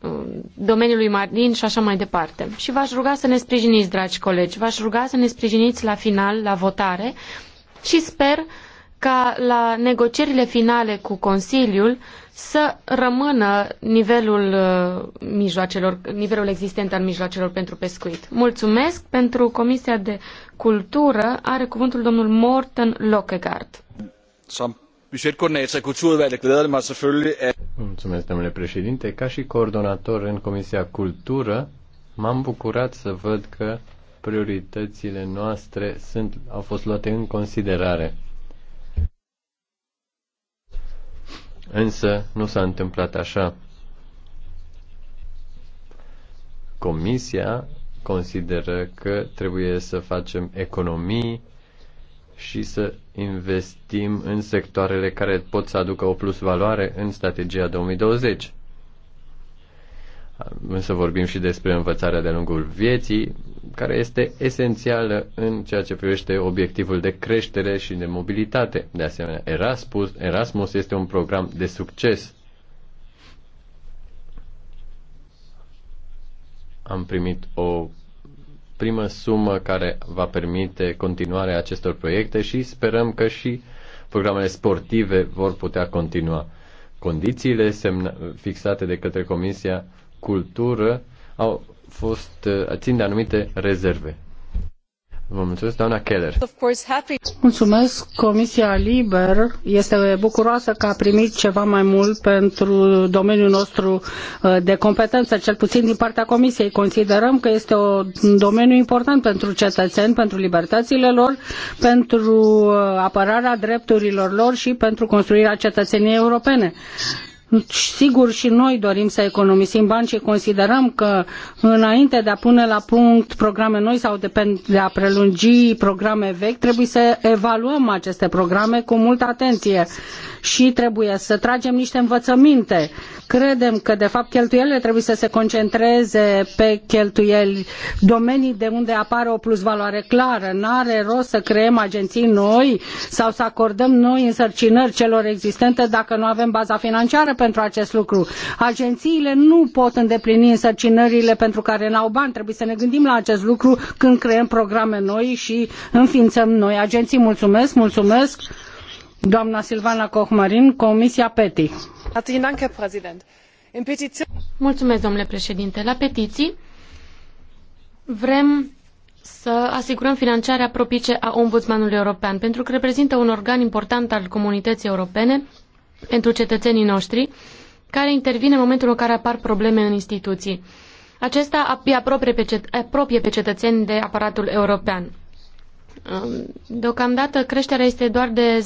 uh, domeniului marin și așa mai departe. Și v-aș ruga să ne sprijiniți, dragi colegi, v-aș ruga să ne sprijiniți la final, la votare și sper ca la negocierile finale cu Consiliul să rămână nivelul uh, mijloacelor, nivelul existent al mijloacelor pentru pescuit. Mulțumesc pentru Comisia de Cultură. Are cuvântul domnul Morten Lockegaard. Som budgetkoordinator Kulturudvalget glæder det mig selvfølgelig at... Mulțumesc, domnule președinte. Ca și coordonator în Comisia Cultură, m-am bucurat să văd că prioritățile noastre sunt, au fost luate în considerare Însă nu s-a întâmplat așa. Comisia consideră că trebuie să facem economii și să investim în sectoarele care pot să aducă o plus valoare în strategia 2020. Însă vorbim și despre învățarea de-a lungul vieții, care este esențială în ceea ce privește obiectivul de creștere și de mobilitate. De asemenea, Erasmus, Erasmus este un program de succes. Am primit o primă sumă care va permite continuarea acestor proiecte și sperăm că și programele sportive vor putea continua. Condițiile fixate de către Comisia Cultură au fost, uh, țin de anumite rezerve. Vă mulțumesc, doamna Keller. Mulțumesc, Comisia Liber este bucuroasă că a primit ceva mai mult pentru domeniul nostru uh, de competență, cel puțin din partea Comisiei. Considerăm că este un domeniu important pentru cetățeni, pentru libertățile lor, pentru uh, apărarea drepturilor lor și pentru construirea cetățeniei europene. Sigur și noi dorim să economisim bani și considerăm că înainte de a pune la punct programe noi sau de, de a prelungi programe vechi, trebuie să evaluăm aceste programe cu multă atenție și trebuie să tragem niște învățăminte Credem că, de fapt, cheltuielile trebuie să se concentreze pe cheltuieli, domenii de unde apare o plusvaloare clară. N-are rost să creăm agenții noi sau să acordăm noi însărcinări celor existente dacă nu avem baza financiară pentru acest lucru. Agențiile nu pot îndeplini însărcinările pentru care n-au bani. Trebuie să ne gândim la acest lucru când creăm programe noi și înființăm noi agenții. Mulțumesc, mulțumesc. Doamna Silvana Cohmarin, Comisia PETI. Mulțumesc, domnule președinte. La petiții vrem să asigurăm finanțarea propice a Ombudsmanului European, pentru că reprezintă un organ important al comunității europene pentru cetățenii noștri, care intervine în momentul în care apar probleme în instituții. Acesta îi apropie pe, cet- apropie pe cetățeni de aparatul european. Um, deocamdată creșterea este doar de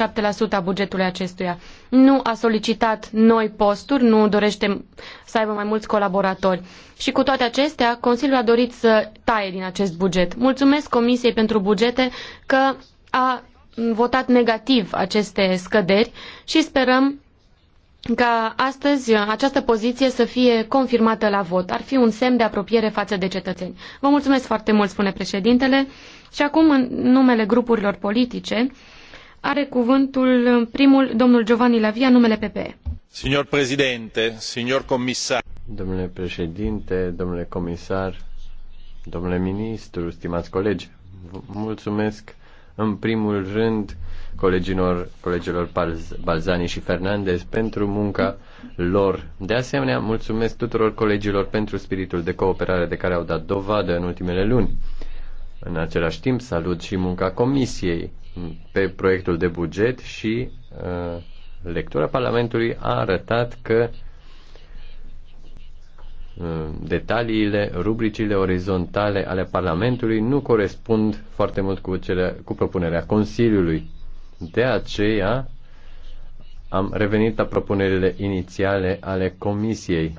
0,47% a bugetului acestuia. Nu a solicitat noi posturi, nu dorește să aibă mai mulți colaboratori. Și cu toate acestea, Consiliul a dorit să taie din acest buget. Mulțumesc Comisiei pentru bugete că a votat negativ aceste scăderi și sperăm ca astăzi această poziție să fie confirmată la vot. Ar fi un semn de apropiere față de cetățeni. Vă mulțumesc foarte mult, spune președintele. Și acum, în numele grupurilor politice, are cuvântul primul domnul Giovanni Lavia, numele PPE. Signor președinte, signor comisar. Domnule președinte, domnule comisar, domnule ministru, stimați colegi, mulțumesc în primul rând colegilor, colegilor Balzani și Fernandez pentru munca lor. De asemenea, mulțumesc tuturor colegilor pentru spiritul de cooperare de care au dat dovadă în ultimele luni. În același timp, salut și munca Comisiei pe proiectul de buget și uh, lectura Parlamentului a arătat că uh, detaliile, rubricile orizontale ale Parlamentului nu corespund foarte mult cu, cele, cu propunerea Consiliului. De aceea am revenit la propunerile inițiale ale Comisiei.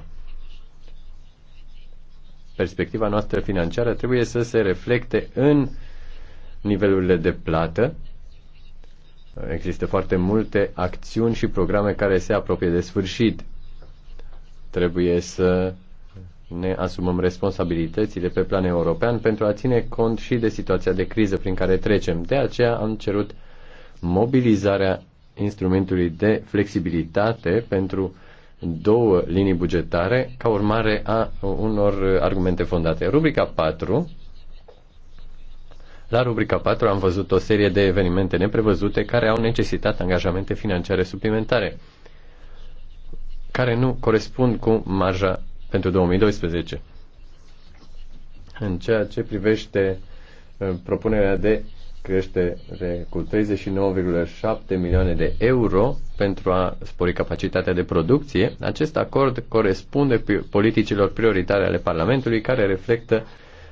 Perspectiva noastră financiară trebuie să se reflecte în nivelurile de plată. Există foarte multe acțiuni și programe care se apropie de sfârșit. Trebuie să ne asumăm responsabilitățile pe plan european pentru a ține cont și de situația de criză prin care trecem. De aceea am cerut mobilizarea instrumentului de flexibilitate pentru două linii bugetare ca urmare a unor argumente fondate. Rubrica 4 la rubrica 4 am văzut o serie de evenimente neprevăzute care au necesitat angajamente financiare suplimentare, care nu corespund cu marja pentru 2012. În ceea ce privește uh, propunerea de creștere cu 39,7 milioane de euro pentru a spori capacitatea de producție. Acest acord corespunde politicilor prioritare ale Parlamentului care reflectă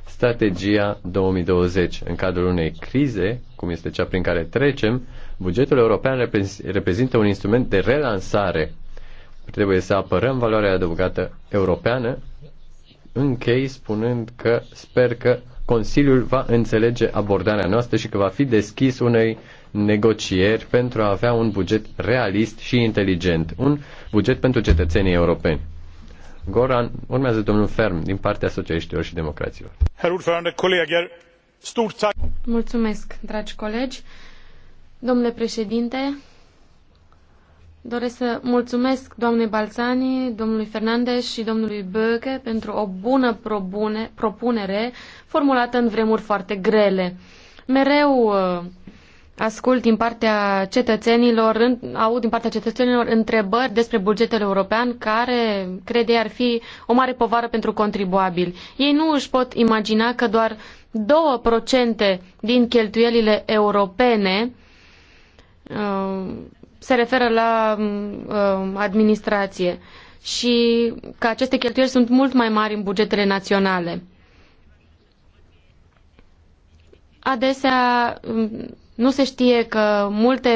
strategia 2020. În cadrul unei crize, cum este cea prin care trecem, bugetul european reprezintă un instrument de relansare. Trebuie să apărăm valoarea adăugată europeană. Închei spunând că sper că Consiliul va înțelege abordarea noastră și că va fi deschis unei negocieri pentru a avea un buget realist și inteligent, un buget pentru cetățenii europeni. Goran, urmează domnul Ferm din partea socialiștilor și democraților. Mulțumesc, dragi colegi. Domnule președinte, Doresc să mulțumesc doamnei Balzani, domnului Fernandez și domnului Böke pentru o bună probune, propunere formulată în vremuri foarte grele. Mereu uh, ascult din partea cetățenilor, aud din partea cetățenilor întrebări despre bugetul european care, cred ei, ar fi o mare povară pentru contribuabili. Ei nu își pot imagina că doar 2% din cheltuielile europene uh, se referă la um, uh, administrație și că aceste cheltuieli sunt mult mai mari în bugetele naționale. Adesea um, nu se știe că multe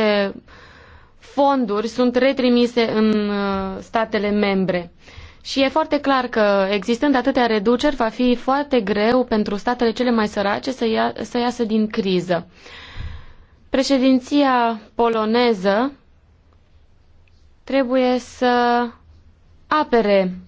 fonduri sunt retrimise în uh, statele membre. Și e foarte clar că existând atâtea reduceri va fi foarte greu pentru statele cele mai sărace să, ia, să iasă din criză. Președinția poloneză trebuie să apere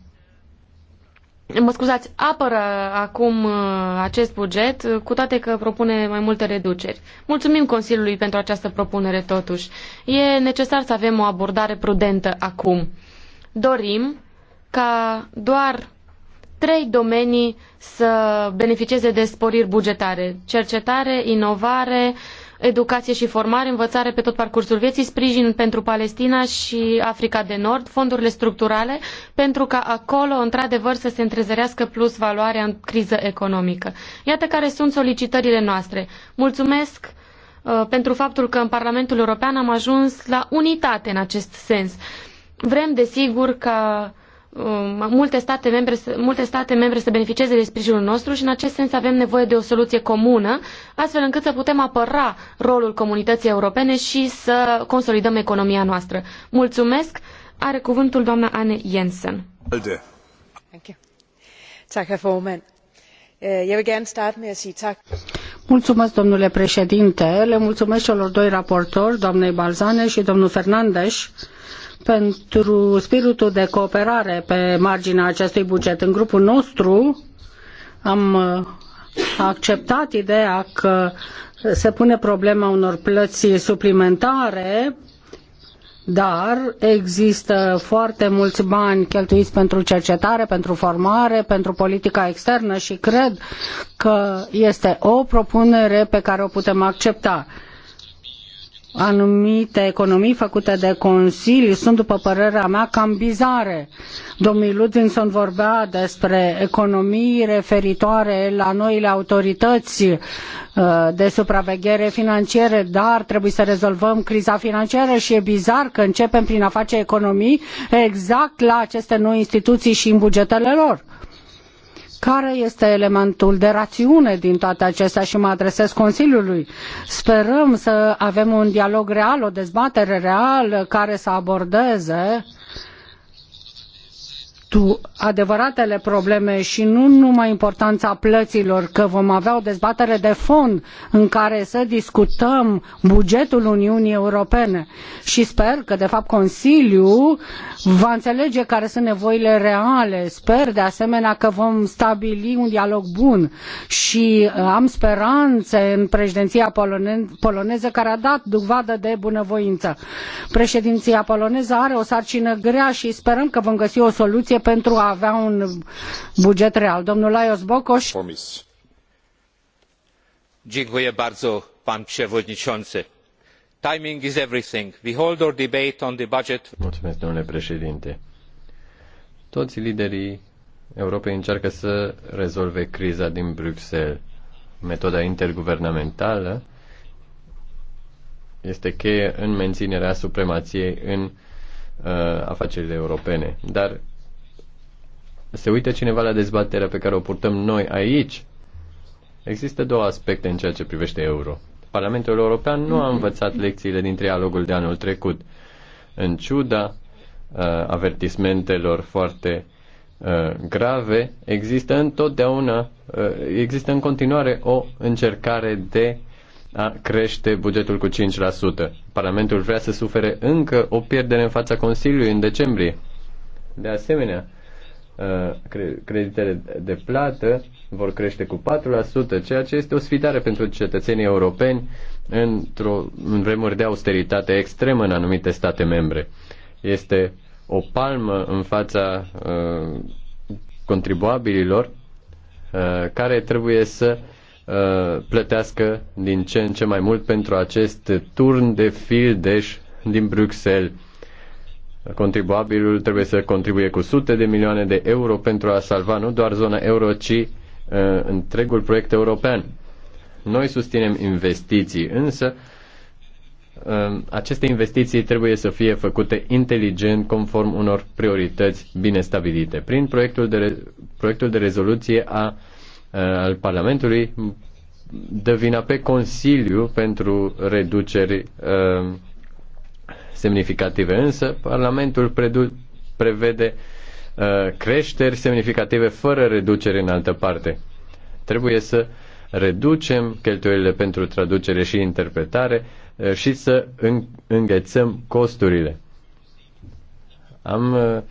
mă scuzați, apără acum uh, acest buget, uh, cu toate că propune mai multe reduceri. Mulțumim Consiliului pentru această propunere totuși. E necesar să avem o abordare prudentă acum. Dorim ca doar trei domenii să beneficieze de sporiri bugetare. Cercetare, inovare, uh, educație și formare, învățare pe tot parcursul vieții, sprijin pentru Palestina și Africa de Nord, fondurile structurale, pentru ca acolo, într-adevăr, să se întrezărească plus valoarea în criză economică. Iată care sunt solicitările noastre. Mulțumesc uh, pentru faptul că în Parlamentul European am ajuns la unitate în acest sens. Vrem, desigur, ca Um, multe state, membre, multe state membre să beneficieze de sprijinul nostru și în acest sens avem nevoie de o soluție comună, astfel încât să putem apăra rolul comunității europene și să consolidăm economia noastră. Mulțumesc! Are cuvântul doamna Anne Jensen. Øh, mulțumesc, domnule președinte. Le mulțumesc celor doi raportori, doamnei Balzane și domnul Fernandes, pentru spiritul de cooperare pe marginea acestui buget. În grupul nostru am uh, acceptat ideea că se pune problema unor plăți suplimentare, dar există foarte mulți bani cheltuiți pentru cercetare, pentru formare, pentru politica externă și cred că este o propunere pe care o putem accepta anumite economii făcute de Consiliu sunt, după părerea mea, cam bizare. Domnul Ludvinson vorbea despre economii referitoare la noile autorități uh, de supraveghere financiare, dar trebuie să rezolvăm criza financiară și e bizar că începem prin a face economii exact la aceste noi instituții și în bugetele lor care este elementul de rațiune din toate acestea și mă adresez Consiliului. Sperăm să avem un dialog real, o dezbatere reală care să abordeze uh, adevăratele probleme și nu numai importanța plăților, că vom avea o dezbatere de fond în care să discutăm bugetul Uniunii Europene. Și sper că, de fapt, Consiliul va înțelege care sunt nevoile reale. Sper, de asemenea, că vom stabili un dialog bun și uh, am speranțe în preedinia poloneză care a dat dovadă de bunăvoință. preedinia poloneză are o sarcină grea și sperăm că vom găsi o soluție pentru a avea un buget real. Domnul Lajos Bokos. Comis. Dziękuję bardzo, pan przewodniczący. Timing is everything. We hold our debate on the budget. Mulțumesc, domnule președinte. Toți liderii Europei încearcă să rezolve criza din Bruxelles. Metoda interguvernamentală este cheie în menținerea supremației în uh, afacerile europene. Dar se uită cineva la dezbaterea pe care o purtăm noi aici, există două aspecte în ceea ce privește euro. Parlamentul European nu a învățat lecțiile din trialogul de anul trecut. În ciuda uh, avertismentelor foarte uh, grave, există întotdeauna, uh, există în continuare o încercare de a crește bugetul cu 5%. Parlamentul vrea să sufere încă o pierdere în fața Consiliului în decembrie. De asemenea, uh, Uh, creditele de plată vor crește cu 4%, ceea ce este o sfidare pentru cetățenii europeni într-o în vremuri de austeritate extremă în anumite state membre. Este o palmă în fața uh, contribuabililor uh, care trebuie să uh, plătească din ce în ce mai mult pentru acest turn de fildeș din Bruxelles Contribuabilul trebuie să contribuie cu sute de milioane de euro pentru a salva nu doar zona euro, ci uh, întregul proiect european. Noi susținem investiții, însă uh, aceste investiții trebuie să fie făcute inteligent, conform unor priorități bine stabilite. Prin proiectul de, re- proiectul de rezoluție a, uh, al Parlamentului, dă vina pe Consiliu pentru reduceri uh, semnificative, însă Parlamentul prevede uh, creșteri semnificative fără reducere în altă parte. Trebuie să reducem cheltuielile pentru traducere și interpretare uh, și să înghețăm costurile. Am, uh,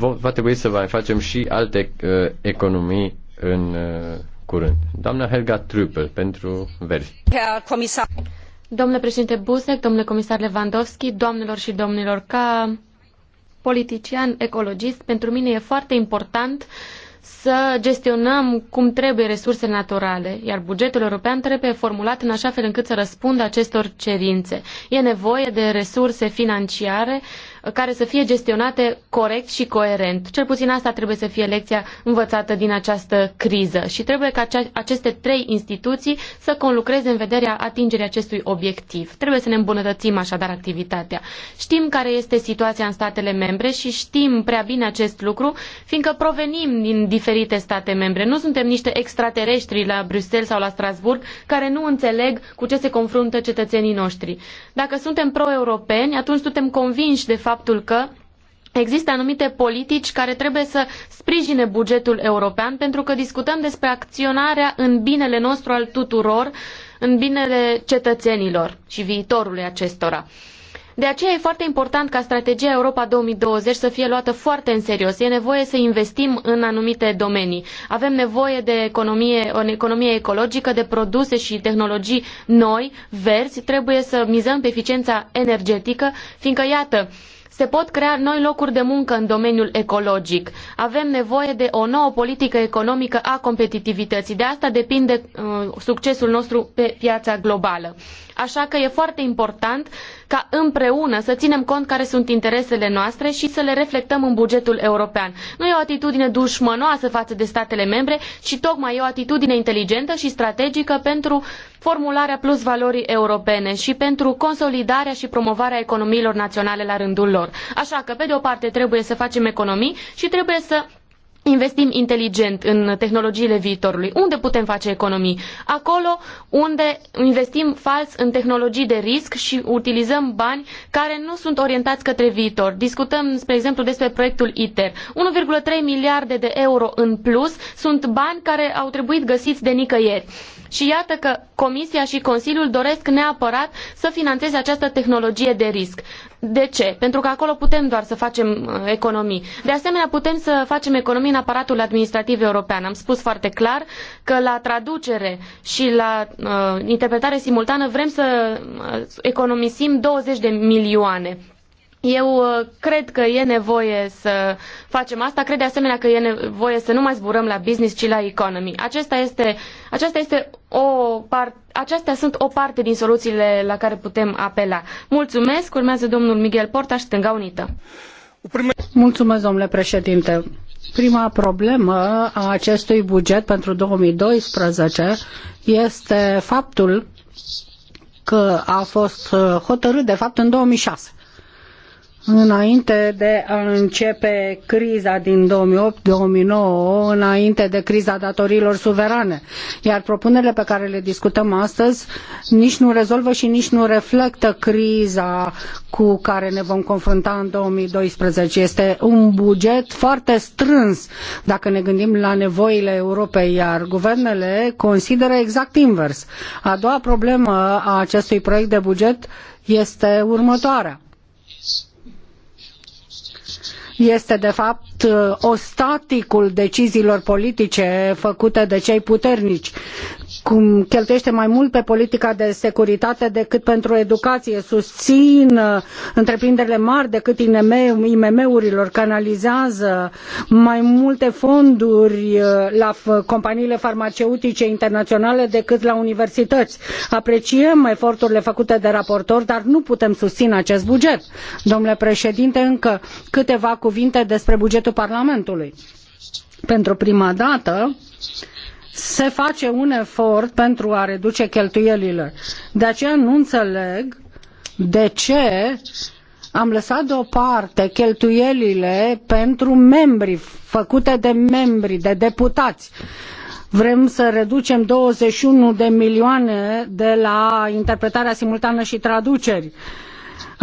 uh, va trebui să mai facem și alte uh, economii în uh, curând. Doamna Helga Trüppel pentru Verzi. Comisar. Domnule președinte Buzek, domnule comisar Lewandowski, doamnelor și domnilor, ca politician ecologist, pentru mine e foarte important să gestionăm cum trebuie resursele naturale, iar bugetul european trebuie formulat în așa fel încât să răspundă acestor cerințe. E nevoie de resurse financiare uh, care să fie gestionate corect și coerent. Cel puțin asta trebuie să fie lecția învățată din această criză și trebuie ca aceste trei instituții să conlucreze în vederea atingerii acestui obiectiv. Trebuie să ne îmbunătățim așadar activitatea. Știm care este situația în statele membre și știm prea bine acest lucru, fiindcă provenim din diferite state membre. Nu suntem niște extraterestri la Bruxelles sau la Strasbourg care nu înțeleg cu ce se confruntă cetățenii noștri. Dacă suntem pro-europeni, atunci suntem convinși de fapt faptul că Există anumite politici care trebuie să sprijine bugetul european pentru că discutăm despre acționarea în binele nostru al tuturor, în binele cetățenilor și viitorului acestora. De aceea e foarte important ca strategia Europa 2020 să fie luată foarte în serios. E nevoie să investim în anumite domenii. Avem nevoie de economie, o economie ecologică, de produse și tehnologii noi, verzi. Trebuie să mizăm pe eficiența energetică, fiindcă, iată, se pot crea noi locuri de muncă în domeniul ecologic. Avem nevoie de o nouă politică economică a competitivității. De asta depinde uh, succesul nostru pe piața globală. Așa că e foarte important ca împreună să ținem cont care sunt interesele noastre și să le reflectăm în bugetul european. Nu e o atitudine dușmănoasă față de statele membre, ci tocmai e o atitudine inteligentă și strategică pentru formularea plus valorii europene și pentru consolidarea și promovarea economiilor naționale la rândul lor. Așa că, pe de o parte, trebuie să facem economii și trebuie să investim inteligent în tehnologiile viitorului. Unde putem face economii? Acolo unde investim fals în tehnologii de risc și utilizăm bani care nu sunt orientați către viitor. Discutăm, spre exemplu, despre proiectul ITER. 1,3 miliarde de euro în plus sunt bani care au trebuit găsiți de nicăieri. Și iată că Comisia și Consiliul doresc neapărat să financeze această tehnologie de risc. De ce? Pentru că acolo putem doar să facem uh, economii. De asemenea, putem să facem economii în aparatul administrativ european. Am spus foarte clar că la traducere și la uh, interpretare simultană vrem să uh, economisim 20 de milioane eu uh, cred că e nevoie să facem asta, cred de asemenea că e nevoie să nu mai zburăm la business, ci la economy. Aceasta este, aceasta este o part, acestea sunt o parte din soluțiile la care putem apela. Mulțumesc, urmează domnul Miguel Portaș, Stânga Unită. Mulțumesc, domnule președinte. Prima problemă a acestui buget pentru 2012 este faptul că a fost uh, hotărât, de fapt, în 2006 Înainte de a începe criza din 2008-2009, înainte de criza datoriilor suverane, iar propunerile pe care le discutăm astăzi nici nu rezolvă și nici nu reflectă criza cu care ne vom confrunta în 2012. Este un buget foarte strâns dacă ne gândim la nevoile Europei, iar guvernele consideră exact invers. A doua problemă a acestui proiect de buget este următoarea este de fapt uh, ostaticul deciziilor politice făcute de cei puternici cum cheltuiește mai mult pe politica de securitate decât pentru educație, susțin uh, întreprinderile mari decât IMM-urilor, canalizează mai multe fonduri uh, la companiile farmaceutice internaționale decât la universități. Apreciem eforturile făcute de raportor, dar nu putem susține acest buget. Domnule președinte, încă câteva cuvinte despre bugetul Parlamentului. Pentru prima dată, se face un efort pentru a reduce cheltuielile. De aceea nu înțeleg de ce am lăsat deoparte cheltuielile pentru membri, făcute de membri, de deputați. Vrem să reducem 21 de milioane de la interpretarea simultană și traduceri. Uh,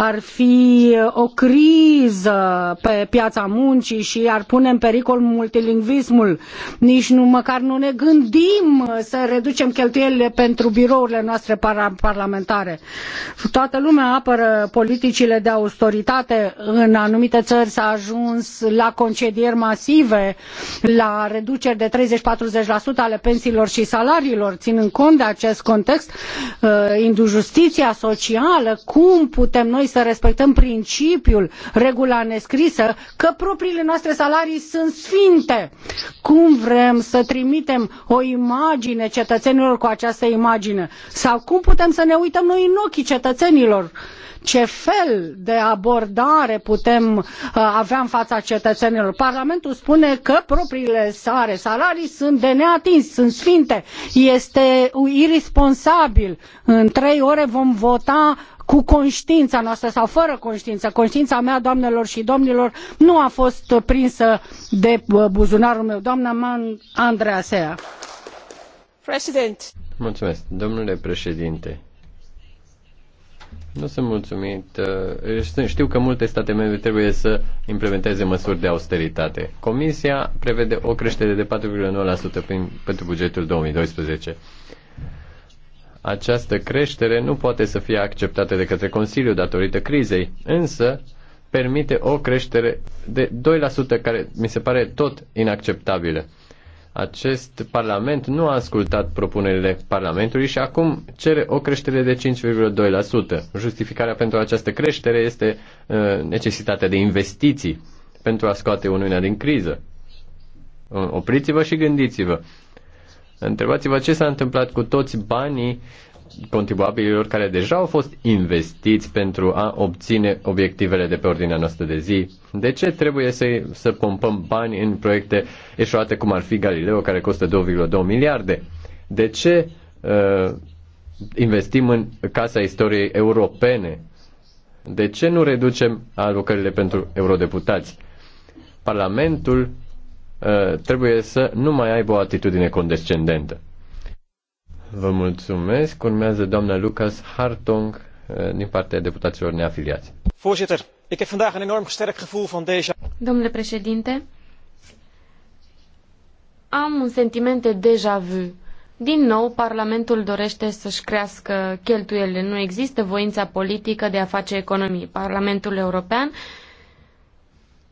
ar fi o criză pe piața muncii și ar pune în pericol multilingvismul. Nici nu măcar nu ne gândim să reducem cheltuielile pentru birourile noastre parlamentare. Toată lumea apără politicile de austeritate. În anumite țări s-a ajuns la concedieri masive, la reduceri de 30-40% ale pensiilor și salariilor. Ținând cont de acest context, injustiția socială, cum putem noi să respectăm principiul, regula nescrisă, că propriile noastre salarii sunt sfinte. Cum vrem să trimitem o imagine cetățenilor cu această imagine? Sau cum putem să ne uităm noi în ochii cetățenilor? ce fel de abordare putem uh, avea în fața cetățenilor. Parlamentul spune că propriile sare salarii sunt de neatins, sunt sfinte. Este irresponsabil. În trei ore vom vota cu conștiința noastră sau fără conștiință. Conștiința mea, doamnelor și domnilor, nu a fost prinsă de uh, buzunarul meu. Doamna Man Andreasea. President. Mulțumesc, domnule președinte. Nu sunt mulțumit. Uh, știu că multe state membre trebuie să implementeze măsuri de austeritate. Comisia prevede o creștere de 4,9% pentru bugetul 2012. Această creștere nu poate să fie acceptată de către Consiliu datorită crizei, însă permite o creștere de 2% care mi se pare tot inacceptabilă. Acest Parlament nu a ascultat propunerile Parlamentului și acum cere o creștere de 5,2%. Justificarea pentru această creștere este uh, necesitatea de investiții pentru a scoate Uniunea din criză. Opriți-vă și gândiți-vă. Întrebați-vă ce s-a întâmplat cu toți banii contribuabililor care deja au fost investiți pentru a obține obiectivele de pe ordinea noastră de zi. De ce trebuie să, să pompăm bani în proiecte eșuate cum ar fi Galileo, care costă 2,2 miliarde? De ce uh, investim în Casa Istoriei Europene? De ce nu reducem alocările pentru eurodeputați? Parlamentul Uh, trebuie să nu mai aibă o atitudine condescendentă. Vă mulțumesc. Urmează doamna Lucas Hartong uh, din partea deputaților neafiliați. Voorzitter, ik heb vandaag een enorm sterk gevoel van deja. Domnule președinte, am un sentiment de deja vu. Din nou, Parlamentul dorește să-și crească cheltuielile. Nu există voința politică de a face economii. Parlamentul European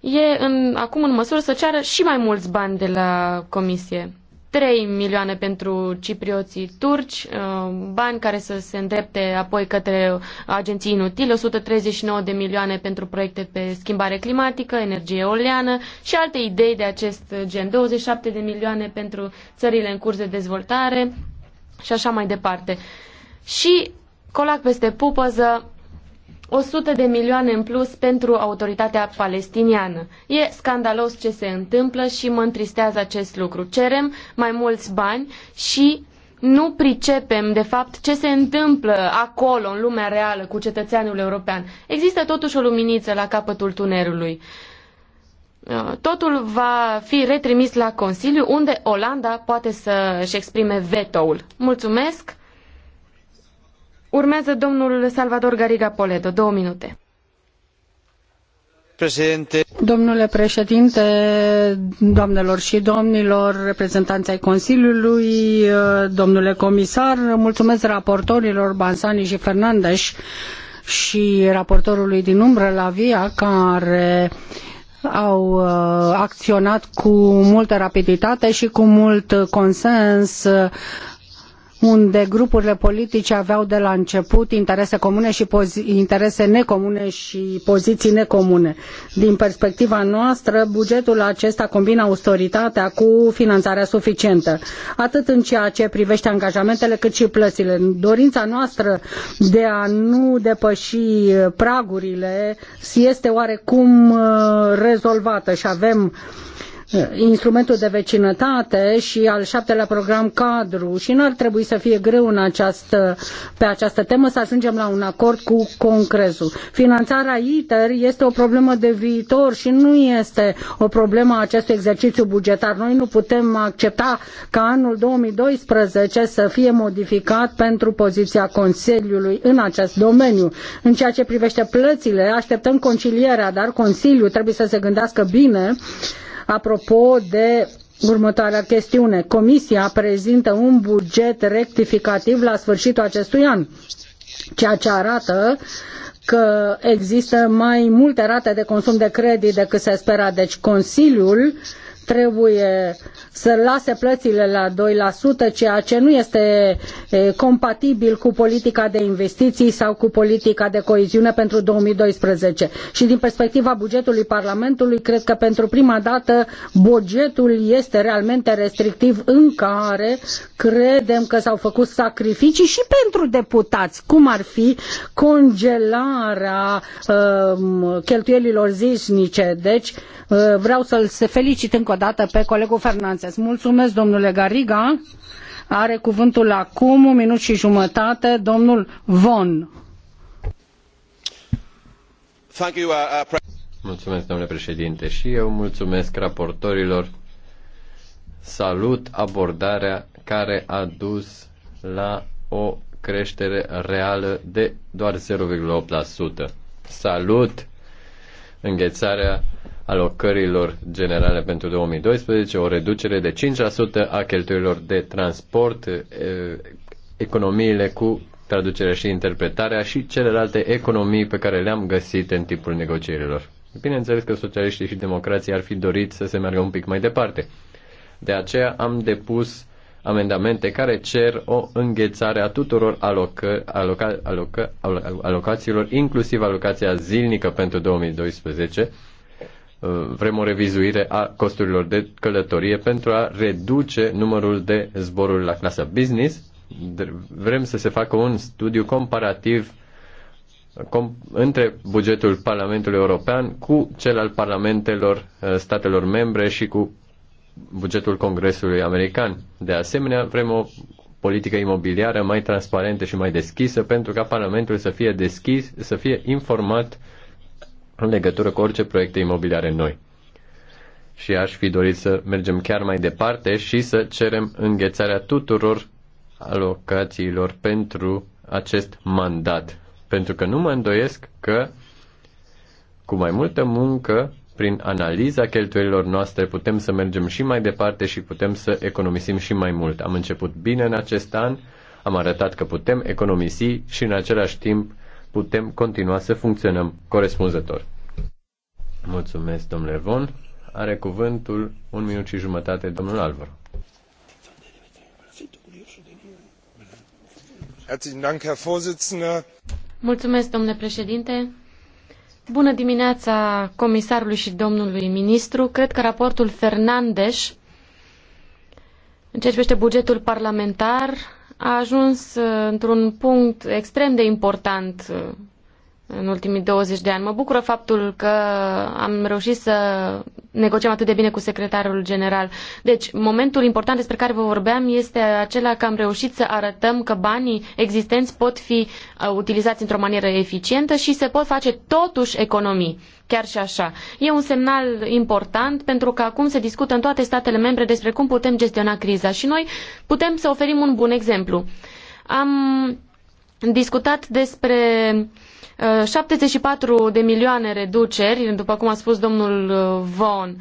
e în, acum în măsură să ceară și mai mulți bani de la Comisie. 3 milioane pentru ciprioții turci, uh, bani care să se îndrepte apoi către agenții inutile, 139 de milioane pentru proiecte pe schimbare climatică, energie oleană și alte idei de acest gen, 27 de milioane pentru țările în curs de dezvoltare și așa mai departe. Și colac peste pupăză, 100 de milioane în plus pentru autoritatea palestiniană. E scandalos ce se întâmplă și mă întristează acest lucru. Cerem mai mulți bani și nu pricepem, de fapt, ce se întâmplă acolo, în lumea reală, cu cetățeanul european. Există totuși o luminiță la capătul tunelului. Uh, totul va fi retrimis la Consiliu, unde Olanda poate să-și exprime vetoul. Mulțumesc! Urmează domnul Salvador Gariga Poledo, două minute. Președinte. Domnule președinte, doamnelor și domnilor, reprezentanți ai Consiliului, domnule comisar, mulțumesc raportorilor Bansani și Fernandes și raportorului din umbră la VIA care au uh, acționat cu multă rapiditate și cu mult consens unde grupurile politice aveau de la început interese comune și interese necomune și poziții necomune. Din perspectiva noastră, bugetul acesta combină austeritatea cu finanțarea suficientă, atât în ceea ce privește angajamentele cât și plățile. Dorința noastră de a nu depăși pragurile este oarecum uh, rezolvată și avem instrumentul de vecinătate și al șaptelea program cadru și nu ar trebui să fie greu în această, pe această temă să ajungem la un acord cu Concrezul. Finanțarea ITER este o problemă de viitor și nu este o problemă a acestui exercițiu bugetar. Noi nu putem accepta ca anul 2012 să fie modificat pentru poziția Consiliului în acest domeniu. În ceea ce privește plățile, așteptăm concilierea, dar Consiliul trebuie să se gândească bine Apropo de următoarea chestiune, Comisia prezintă un buget rectificativ la sfârșitul acestui an, ceea ce arată că există mai multe rate de consum de credit decât se spera. Deci Consiliul trebuie să lase plățile la 2%, ceea ce nu este compatibil cu politica de investiții sau cu politica de coeziune pentru 2012. Și din perspectiva bugetului Parlamentului, cred că pentru prima dată bugetul este realmente restrictiv în care credem că s-au făcut sacrificii și pentru deputați, cum ar fi congelarea um, deci, uh, cheltuielilor zilnice. Deci vreau să-l felicit încă o dată pe colegul Fernandez. Îți mulțumesc, domnule Gariga. Are cuvântul acum, un minut și jumătate, domnul Von. Uh, uh, mulțumesc, domnule președinte, și eu mulțumesc raportorilor. Salut abordarea care a dus la o creștere reală de doar 0,8%. Salut înghețarea alocărilor generale pentru 2012, o reducere de 5% a cheltuielor de transport, economiile cu traducerea și interpretarea și celelalte economii pe care le-am găsit în timpul negocierilor. Bineînțeles că socialiștii și democrații ar fi dorit să se meargă un pic mai departe. De aceea am depus amendamente care cer o înghețare a tuturor alocă, aloca, aloca, alocațiilor, inclusiv alocația zilnică pentru 2012, Uh, vrem o revizuire a costurilor de călătorie pentru a reduce numărul de zboruri la clasa business. Vrem să se facă un studiu comparativ uh, com- între bugetul Parlamentului European cu cel al parlamentelor uh, statelor membre și cu bugetul Congresului American. De asemenea, vrem o politică imobiliară mai transparentă și mai deschisă pentru ca Parlamentul să fie deschis, să fie informat uh, în legătură cu orice proiecte imobiliare noi. Și aș fi dorit să mergem chiar mai departe și să cerem înghețarea tuturor alocațiilor pentru acest mandat. Pentru că nu mă îndoiesc că cu mai multă muncă, prin analiza cheltuielilor noastre, putem să mergem și mai departe și putem să economisim și mai mult. Am început bine în acest an, am arătat că putem economisi și în același timp putem continua să funcționăm corespunzător. Mulțumesc, domnule Von. Are cuvântul un minut și jumătate, domnul Alvar. Mulțumesc, domnule președinte. Bună dimineața comisarului și domnului ministru. Cred că raportul Fernandes în ceea ce privește bugetul parlamentar a ajuns uh, într-un punct extrem de important uh, în ultimii 20 de ani. Mă bucură faptul că am reușit să negociem atât de bine cu secretarul general. Deci, momentul important despre care vă vorbeam este acela că am reușit să arătăm că banii existenți pot fi uh, utilizați într-o manieră eficientă și se pot face totuși economii. Chiar și așa. E un semnal important pentru că acum se discută în toate statele membre despre cum putem gestiona criza și noi putem să oferim un bun exemplu. Am discutat despre 74 uh, de milioane reduceri, după cum a spus domnul uh, Vaughan.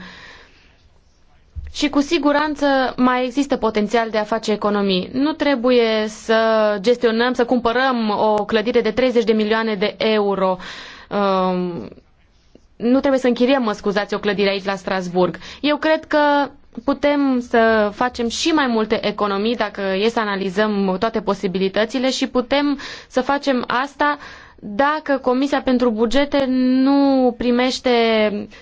Și cu siguranță mai există potențial de a face economii. Nu trebuie să gestionăm, să cumpărăm o clădire de 30 de milioane de euro. Um, nu trebuie să închiriem, mă scuzați, o clădire aici la Strasburg. Eu cred că putem să facem și mai multe economii dacă e să analizăm toate posibilitățile și putem să facem asta dacă Comisia pentru Bugete nu primește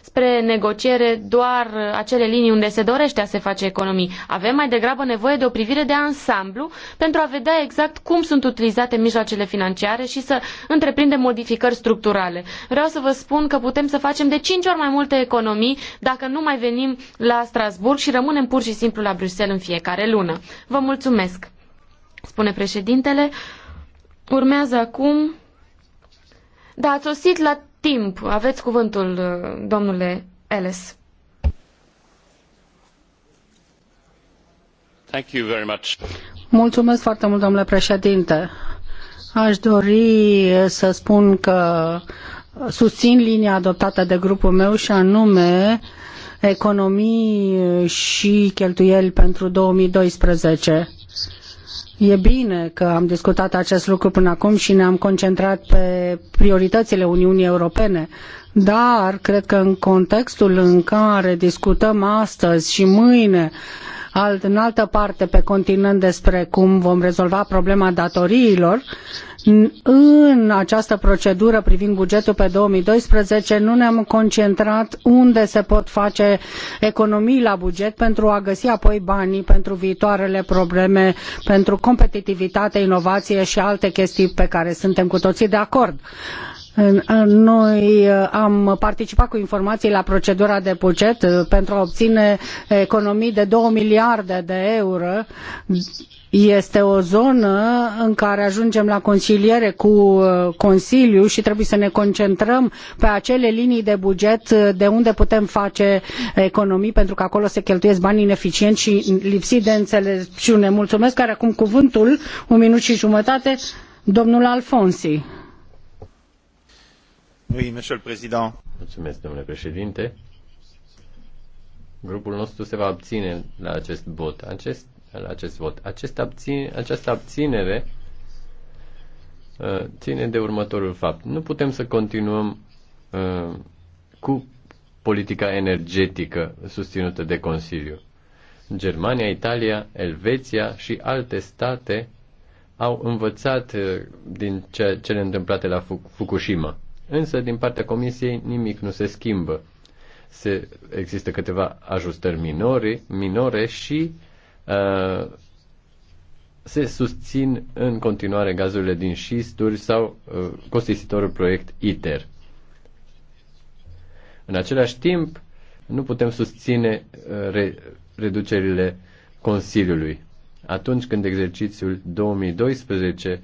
spre negociere doar acele linii unde se dorește a se face economii. Avem mai degrabă nevoie de o privire de ansamblu pentru a vedea exact cum sunt utilizate mijloacele financiare și să întreprindem modificări structurale. Vreau să vă spun că putem să facem de cinci ori mai multe economii dacă nu mai venim la Strasbourg și rămânem pur și simplu la Bruxelles în fiecare lună. Vă mulțumesc, spune președintele. Urmează acum da, ați sosit la timp. Aveți cuvântul, uh, domnule Ellis. Thank you very much. Mulțumesc foarte mult, domnule președinte. Aș dori uh, să spun că susțin linia adoptată de grupul meu și anume economii și cheltuieli pentru 2012 E bine că am discutat acest lucru până acum și ne-am concentrat pe prioritățile Uniunii Europene, dar cred că în contextul în care discutăm astăzi și mâine în altă parte pe continent despre cum vom rezolva problema datoriilor, în această procedură privind bugetul pe 2012 nu ne-am concentrat unde se pot face economii la buget pentru a găsi apoi banii pentru viitoarele probleme, pentru competitivitate, inovație și alte chestii pe care suntem cu toții de acord. Noi uh, am participat cu informații la procedura de buget uh, pentru a obține economii de 2 miliarde de euro este o zonă în care ajungem la consiliere cu uh, Consiliul și trebuie să ne concentrăm pe acele linii de buget uh, de unde putem face economii, pentru că acolo se cheltuiesc bani ineficient și lipsit de înțelepciune. Mulțumesc, care acum cuvântul, un minut și jumătate, domnul Alfonsi. Oui, monsieur le président. Mulțumesc, domnule președinte. Grupul nostru se va abține la acest vot. Acest la acest vot. Acest abține, această abținere uh, ține de următorul fapt. Nu putem să continuăm uh, cu politica energetică susținută de Consiliu. Germania, Italia, Elveția și alte state au învățat uh, din ce, cele întâmplate la Fukushima. Însă, din partea Comisiei, nimic nu se schimbă. Se, există câteva ajustări minore, minore și uh, Uh, se susțin în continuare gazurile din șisturi sau uh, costisitorul proiect ITER. În același timp, nu putem susține uh, re, reducerile Consiliului. Atunci când exercițiul 2012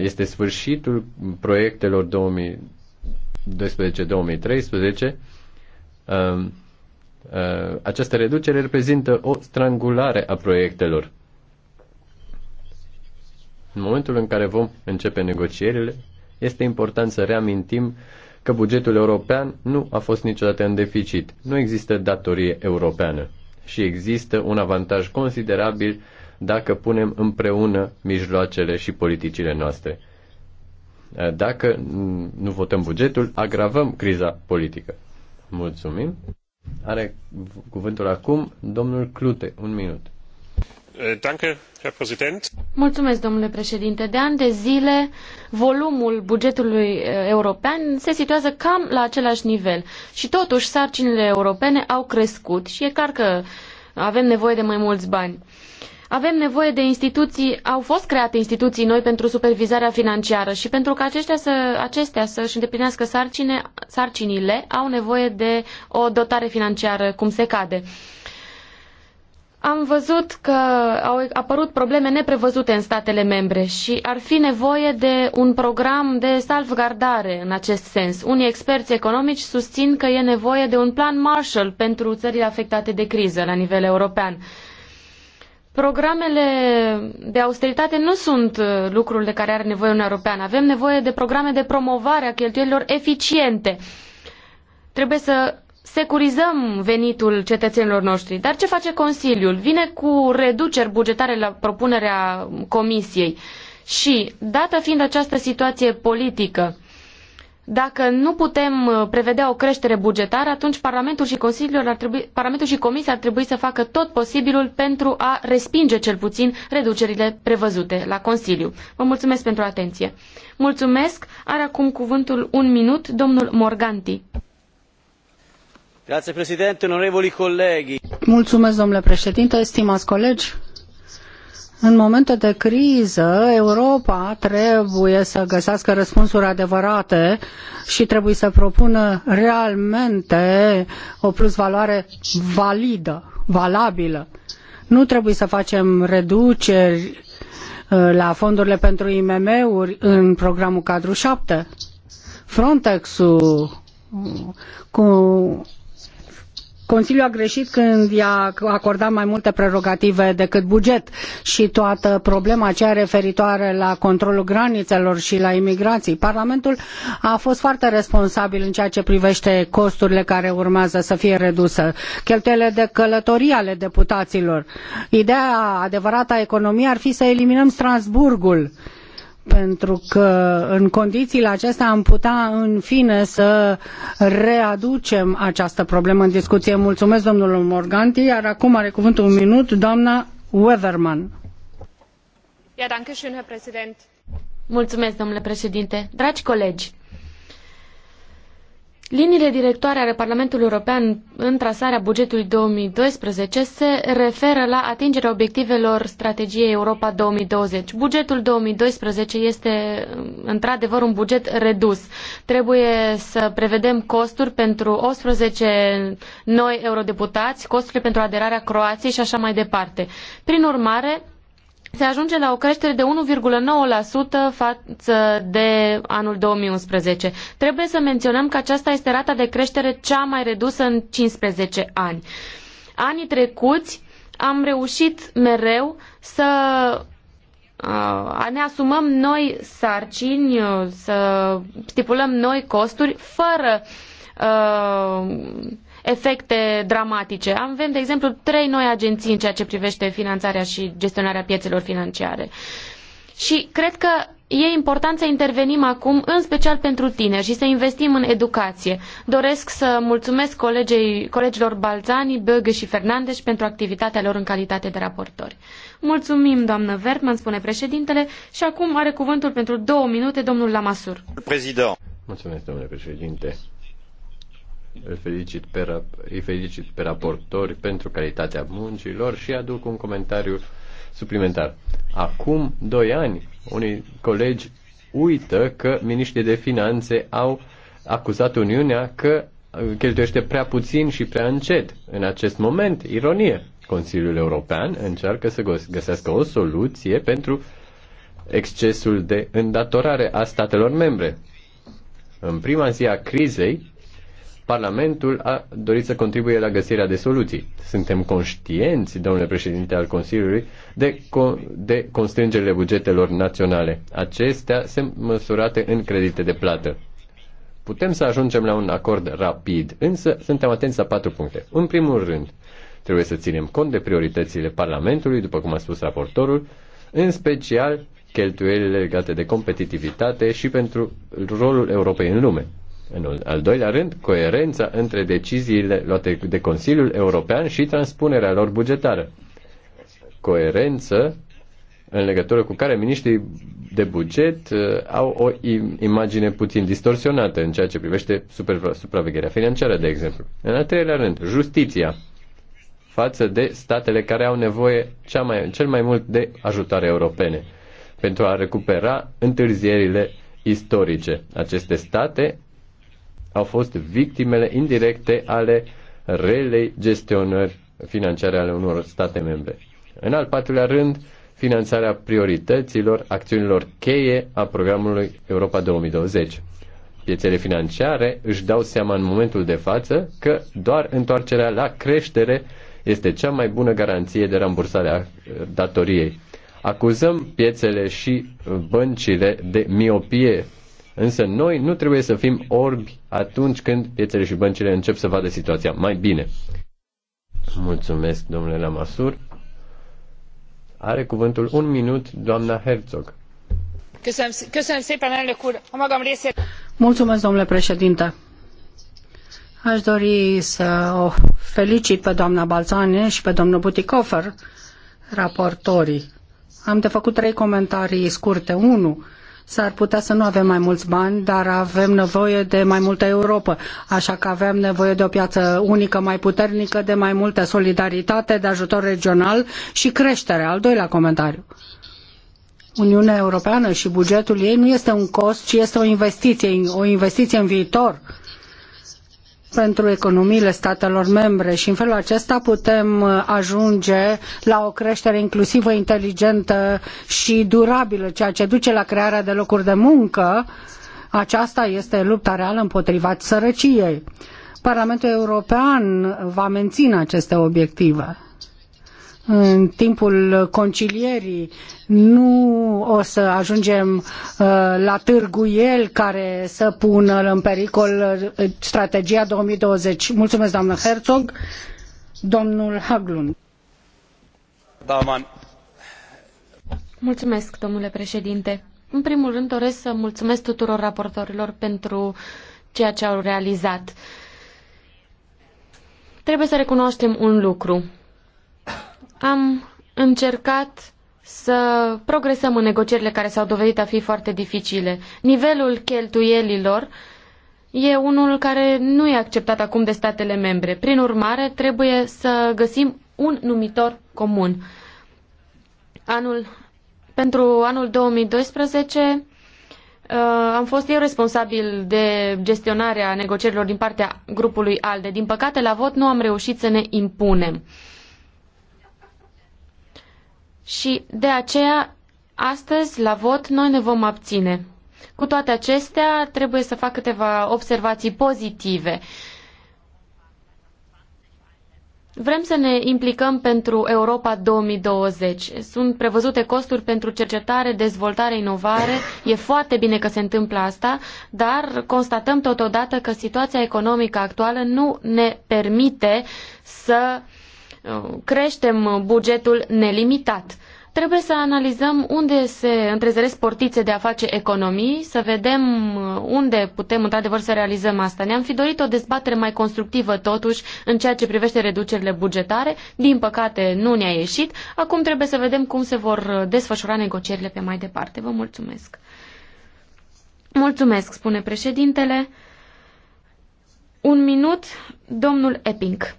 este sfârșitul proiectelor 2012-2013, Uh, această reducere reprezintă o strangulare a proiectelor. În momentul în care vom începe negocierile, este important să reamintim că bugetul european nu a fost niciodată în deficit. Nu există datorie europeană și există un avantaj considerabil dacă punem împreună mijloacele și politicile noastre. Uh, dacă nu votăm bugetul, agravăm criza politică. Mulțumim! Are cuvântul acum domnul Clute. Un minut. Eh, Mulțumesc, domnule președinte. De ani de zile, volumul bugetului eh, european se situează cam la același nivel. Și totuși, sarcinile europene au crescut și e clar că avem nevoie de mai mulți bani. Uh, avem nevoie de instituții, au fost create instituții noi pentru supervizarea financiară și pentru că aceștia să, acestea să-și îndeplinească sarcine, sarcinile, au nevoie de o dotare financiară cum se cade. Am văzut că au apărut probleme neprevăzute în statele membre și ar fi nevoie de un program de salvgardare în acest sens. Unii experți economici susțin că e nevoie de un plan Marshall pentru țările afectate de criză la nivel european. Programele de austeritate nu sunt uh, lucrul de care are nevoie Uniunea Europeană. Avem nevoie de programe de promovare a cheltuielilor eficiente. Trebuie să securizăm venitul cetățenilor noștri. Dar ce face Consiliul? Vine cu reduceri bugetare la propunerea Comisiei. Și, dată fiind această situație politică, dacă nu putem uh, prevedea o creștere bugetară, atunci Parlamentul și, Consiliul ar trebui, Parlamentul și Comisia ar trebui să facă tot posibilul pentru a respinge cel puțin reducerile prevăzute la Consiliu. Vă mulțumesc pentru atenție. Mulțumesc. Are acum cuvântul un minut domnul Morganti. Grazie, Mulțumesc, domnule președinte, stimați colegi. În momente de criză, Europa trebuie să găsească răspunsuri adevărate și trebuie să propună realmente o plusvaloare validă, valabilă. Nu trebuie să facem reduceri uh, la fondurile pentru IMM-uri în programul cadru 7. Frontex-ul uh, cu Consiliul a greșit când i-a acordat mai multe prerogative decât buget și toată problema aceea referitoare la controlul granițelor și la imigrații. Parlamentul a fost foarte responsabil în ceea ce privește costurile care urmează să fie reduse, cheltuielile de călătorie ale deputaților. Ideea adevărată a economiei ar fi să eliminăm Strasburgul pentru că în condițiile acestea am putea în fine să readucem această problemă în discuție. Mulțumesc domnul Morganti, iar acum are cuvântul un minut doamna Weatherman. Mulțumesc, domnule președinte. Dragi colegi, Liniile directoare ale Parlamentului European în trasarea bugetului 2012 se referă la atingerea obiectivelor strategiei Europa 2020. Bugetul 2012 este într-adevăr un buget redus. Trebuie să prevedem costuri pentru 18 noi eurodeputați, costurile pentru aderarea Croației și așa mai departe. Prin urmare, se ajunge la o creștere de 1,9% față de anul 2011. Trebuie să menționăm că aceasta este rata de creștere cea mai redusă în 15 ani. Anii trecuți am reușit mereu să uh, ne asumăm noi sarcini, uh, să stipulăm noi costuri fără uh, efecte dramatice. Avem, de exemplu, trei noi agenții în ceea ce privește finanțarea și gestionarea piețelor financiare. Și cred că e important să intervenim acum, în special pentru tineri, și să investim în educație. Doresc să mulțumesc colegii colegilor Balzani, Băgă și Fernandes pentru activitatea lor în calitate de raportori. Mulțumim, doamnă Vertman, spune președintele, și acum are cuvântul pentru două minute domnul Lamasur. Prezident. Mulțumesc, domnule președinte îl felicit pe, îi felicit pe raportori pentru calitatea muncilor și aduc un comentariu suplimentar. Acum doi ani, unii colegi uită că miniștrii de finanțe au acuzat Uniunea că uh, cheltuiește prea puțin și prea încet. În acest moment, ironie, Consiliul European încearcă să găsească o soluție pentru excesul de îndatorare a statelor membre. În prima zi a crizei, Parlamentul a dorit să contribuie la găsirea de soluții. Suntem conștienți, domnule președinte al Consiliului, de, co- de constrângerile bugetelor naționale. Acestea sunt măsurate în credite de plată. Putem să ajungem la un acord rapid, însă suntem atenți la patru puncte. În primul rând, trebuie să ținem cont de prioritățile Parlamentului, după cum a spus raportorul, în special cheltuielile legate de competitivitate și pentru rolul Europei în lume. În al doilea rând, coerența între deciziile luate de Consiliul European și transpunerea lor bugetară. Coerență în legătură cu care miniștrii de buget uh, au o imagine puțin distorsionată în ceea ce privește supravegherea financiară, de exemplu. În al treilea rând, justiția față de statele care au nevoie cea mai, cel mai mult de ajutare europene pentru a recupera întârzierile istorice. Aceste state au fost victimele indirecte ale relei gestionări financiare ale unor state membre. În al patrulea rând, finanțarea priorităților, acțiunilor cheie a programului Europa 2020. Piețele financiare își dau seama în momentul de față că doar întoarcerea la creștere este cea mai bună garanție de rambursare a datoriei. Acuzăm piețele și băncile de miopie Însă noi nu trebuie să fim orbi atunci când piețele și băncile încep să vadă situația mai bine. Mulțumesc, domnule Lamasur. Are cuvântul un minut doamna Herzog. Mulțumesc, domnule președinte. Aș dori să o felicit pe doamna Balzane și pe domnul Butikofer, raportorii. Am de făcut trei comentarii scurte. Unu, S-ar putea să nu avem mai mulți bani, dar avem nevoie de mai multă Europa. Așa că avem nevoie de o piață unică mai puternică, de mai multă solidaritate, de ajutor regional și creștere. Al doilea comentariu. Uniunea Europeană și bugetul ei nu este un cost, ci este o investiție, o investiție în viitor. Uh, pentru economiile statelor membre și în felul acesta putem uh, ajunge la o creștere inclusivă, inteligentă și durabilă, ceea ce duce la crearea de locuri de muncă. Aceasta este lupta reală împotriva sărăciei. Parlamentul European va menține aceste obiective în timpul concilierii nu o să ajungem uh, la târguiel care să pună în pericol uh, strategia 2020. Mulțumesc, doamnă Herzog. Domnul Haglund. Da, Mulțumesc, domnule președinte. În primul rând doresc să mulțumesc tuturor raportorilor pentru ceea ce au realizat. Trebuie să recunoaștem un lucru. Am încercat să progresăm în negocierile care s-au dovedit a fi foarte dificile. Nivelul cheltuielilor e unul care nu e acceptat acum de statele membre. Prin urmare, trebuie să găsim un numitor comun. Anul, pentru anul 2012 uh, am fost eu responsabil de gestionarea negocierilor din partea grupului ALDE. Din păcate, la vot nu am reușit să ne impunem. Uh, și de aceea, astăzi, la vot, noi ne vom abține. Cu toate acestea, trebuie să fac câteva observații pozitive. Vrem să ne implicăm pentru Europa 2020. Sunt prevăzute costuri pentru cercetare, dezvoltare, inovare. E foarte bine că se întâmplă asta, dar constatăm totodată că situația economică actuală nu ne permite să uh, creștem bugetul nelimitat. Trebuie să analizăm unde se întrezăresc portițe de a face economii, să vedem uh, unde putem într-adevăr să realizăm asta. Ne-am fi dorit o dezbatere mai constructivă totuși în ceea ce privește reducerile bugetare. Din păcate nu ne-a ieșit. Acum trebuie să vedem cum se vor uh, desfășura negocierile pe mai departe. Vă mulțumesc. Mulțumesc, spune președintele. Un minut, domnul Epping.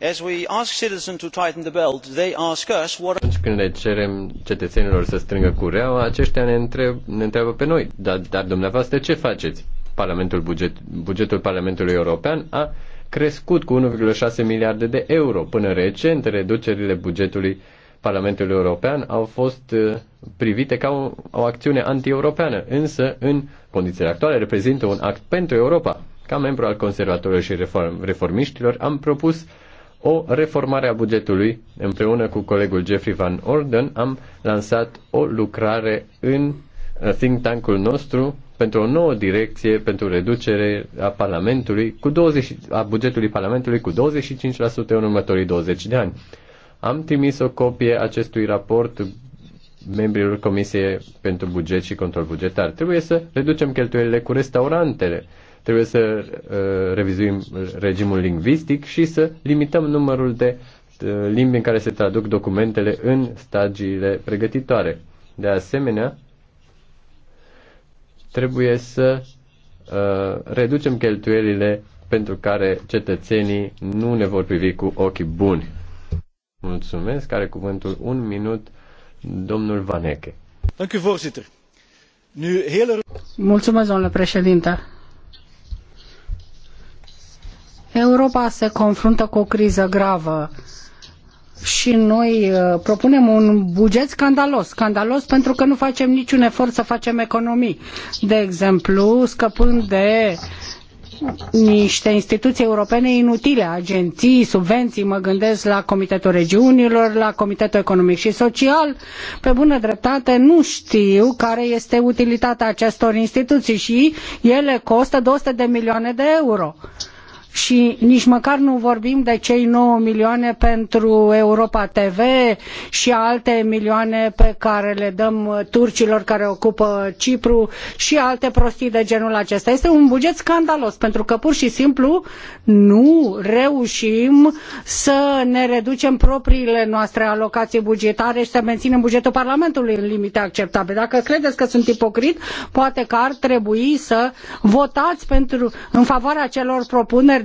As we ask citizens to tighten the belt, they ask us what... Atunci când le cerem cetățenilor să strângă cureaua, aceștia ne, întreb, ne întreabă pe noi, dar, dar dumneavoastră ce faceți? Parlamentul buget, bugetul Parlamentului European a crescut cu 1,6 miliarde de euro. Până recent, reducerile bugetului Parlamentului European au fost uh, privite ca o, o acțiune anti-europeană, însă, în condițiile actuale, reprezintă un act pentru Europa. Ca membru al conservatorilor și reform, reformiștilor, am propus o reformare a bugetului. Împreună cu colegul Jeffrey Van Orden am lansat o lucrare în uh, think tank-ul nostru pentru o nouă direcție, pentru reducere a Parlamentului, cu 20, a bugetului Parlamentului cu 25% în următorii 20 de ani. Am trimis o copie acestui raport membrilor Comisiei pentru Buget și Control Bugetar. Trebuie să reducem cheltuielile cu restaurantele, Trebuie să uh, revizuim regimul lingvistic și să limităm numărul de uh, limbi în care se traduc documentele în stagiile pregătitoare. De asemenea, trebuie să uh, reducem cheltuielile pentru care cetățenii nu ne vor privi cu ochii buni. Mulțumesc. Are cuvântul un minut domnul Vaneche. Mulțumesc, domnule președinte. Europa se confruntă cu o criză gravă și noi uh, propunem un buget scandalos. Scandalos pentru că nu facem niciun efort să facem economii. De exemplu, scăpând de niște instituții europene inutile, agenții, subvenții, mă gândesc la Comitetul Regiunilor, la Comitetul Economic și Social. Pe bună dreptate, nu știu care este utilitatea acestor instituții și ele costă 200 de milioane de euro și nici măcar nu vorbim de cei 9 milioane pentru Europa TV și alte milioane pe care le dăm turcilor care ocupă Cipru și alte prostii de genul acesta. Este un buget scandalos pentru că pur și simplu nu reușim să ne reducem propriile noastre alocații bugetare și să menținem bugetul Parlamentului în limite acceptabile. Dacă credeți că sunt ipocrit, poate că ar trebui să votați pentru, în favoarea celor propuneri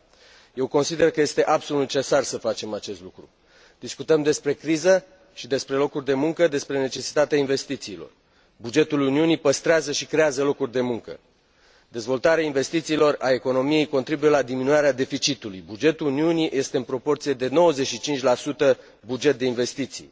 eu consider că este absolut necesar să facem acest lucru. discutăm despre criză i despre locuri de muncă despre necesitatea investiiilor. bugetul uniunii păstrează i creează locuri de muncă. dezvoltarea investiiilor a economiei contribuie la diminuarea deficitului bugetul uniunii este în proporie de nouăzeci și cinci buget de investiii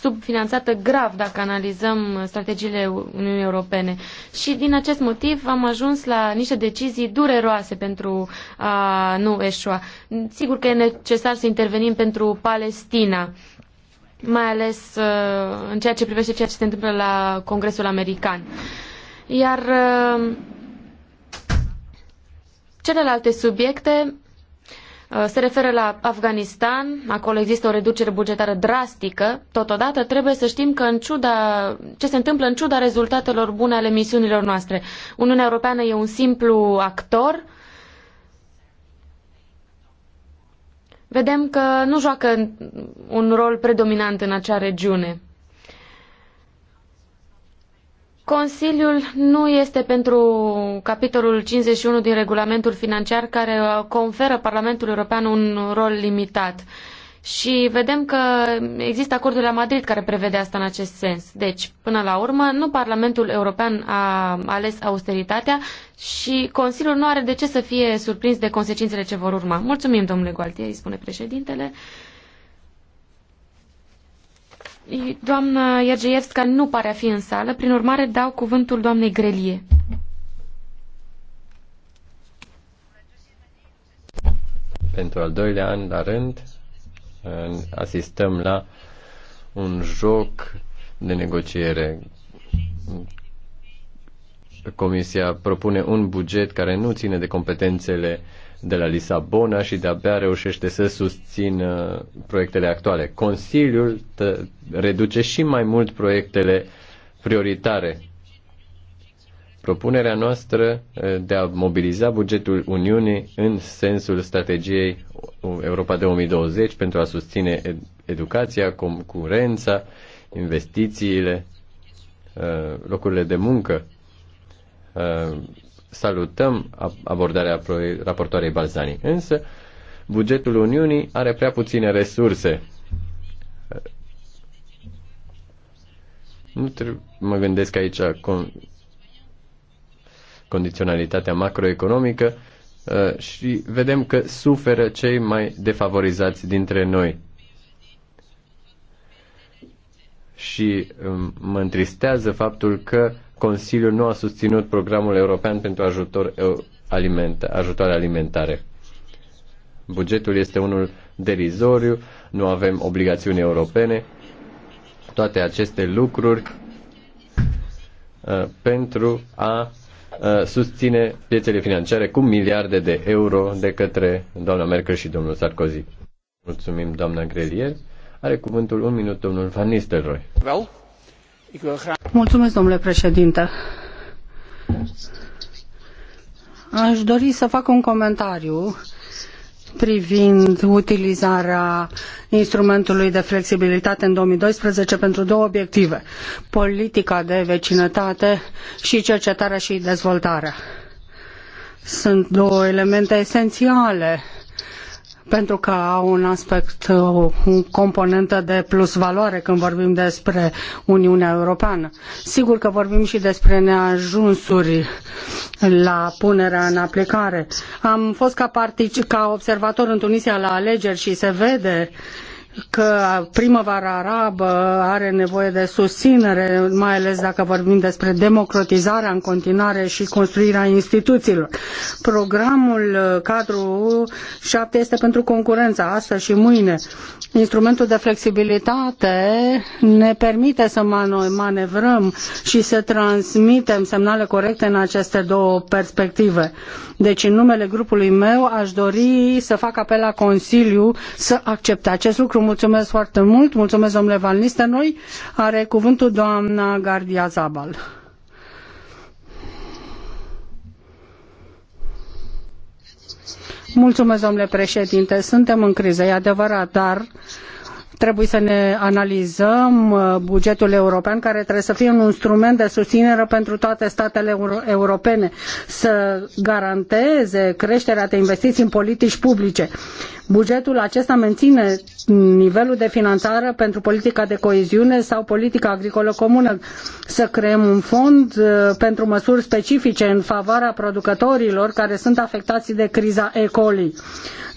subfinanțată grav dacă analizăm strategiile Uniunii Europene. Și din acest motiv am ajuns la niște decizii dureroase pentru a nu eșua. Sigur că e necesar să intervenim pentru Palestina mai ales uh, în ceea ce privește ceea ce se întâmplă la Congresul American. Iar uh, celelalte subiecte Uh, se referă la Afganistan, acolo există o reducere bugetară drastică. Totodată trebuie să știm că în ciuda ce se întâmplă în ciuda rezultatelor bune ale misiunilor noastre, Uniunea Europeană e un simplu actor. Vedem că nu joacă un rol predominant în acea regiune. Consiliul nu este pentru capitolul 51 din regulamentul financiar care conferă Parlamentului European un rol limitat. Și vedem că există acordul la Madrid care prevede asta în acest sens. Deci, până la urmă, nu Parlamentul European a ales austeritatea și Consiliul nu are de ce să fie surprins de consecințele ce vor urma. Mulțumim, domnule Gualtieri, spune președintele. Doamna Iergeievska nu pare a fi în sală, prin urmare dau cuvântul doamnei Grelie. Pentru al doilea an la rând asistăm la un joc de negociere. Comisia propune un buget care nu ține de competențele uh, de la Lisabona și de-abia reușește să susțină proiectele actuale. Consiliul reduce și mai mult proiectele prioritare. Propunerea noastră de a mobiliza bugetul Uniunii în sensul strategiei Europa 2020 pentru a susține educația, concurența, investițiile, locurile de muncă, salutăm abordarea raportoarei Balzani, însă bugetul Uniunii are prea puține resurse. Nu trebuie, mă gândesc aici con, condiționalitatea macroeconomică uh, și vedem că suferă cei mai defavorizați dintre noi. Și um, mă întristează faptul că uh, Consiliul nu a susținut programul european pentru ajutor alimenta, ajutoare alimentare. Bugetul este unul derizoriu, nu avem obligațiuni europene. Toate aceste lucruri uh, pentru a uh, susține piețele financiare cu miliarde de euro de către doamna Merkel și domnul Sarkozy. Mulțumim, doamna Grelier. Are cuvântul un minut domnul Van Nistelrooy. Well. Mulțumesc, domnule președinte. Aș dori să fac un comentariu privind utilizarea instrumentului de flexibilitate în 2012 pentru două obiective, politica de vecinătate și cercetarea și dezvoltarea. Sunt două elemente esențiale pentru că au un aspect, o componentă de plus valoare când vorbim despre Uniunea Europeană. Sigur că vorbim și despre neajunsuri la punerea în aplicare. Am fost ca, ca observator în Tunisia la alegeri și se vede uh, că primăvara arabă are nevoie de susținere, mai ales dacă vorbim despre democratizarea în continuare și construirea instituțiilor. Programul uh, cadru 7 este pentru concurența astăzi și mâine. Instrumentul de flexibilitate ne permite să manevrăm și să transmitem semnale corecte în aceste două perspective. Deci, în numele grupului meu, aș dori să fac apel la Consiliu să accepte acest lucru mulțumesc foarte mult, mulțumesc domnule Van Noi Are cuvântul doamna Gardia Zabal. Mulțumesc, domnule președinte. Suntem în criză, e adevărat, dar Trebuie să ne analizăm uh, bugetul european, care trebuie să fie un instrument de susținere pentru toate statele europene, să garanteze creșterea de investiții în politici publice. Bugetul acesta menține nivelul de finanțare pentru politica de coeziune sau politica agricolă comună, să creăm un fond uh, pentru măsuri specifice în favoarea producătorilor care sunt afectați de criza E. coli.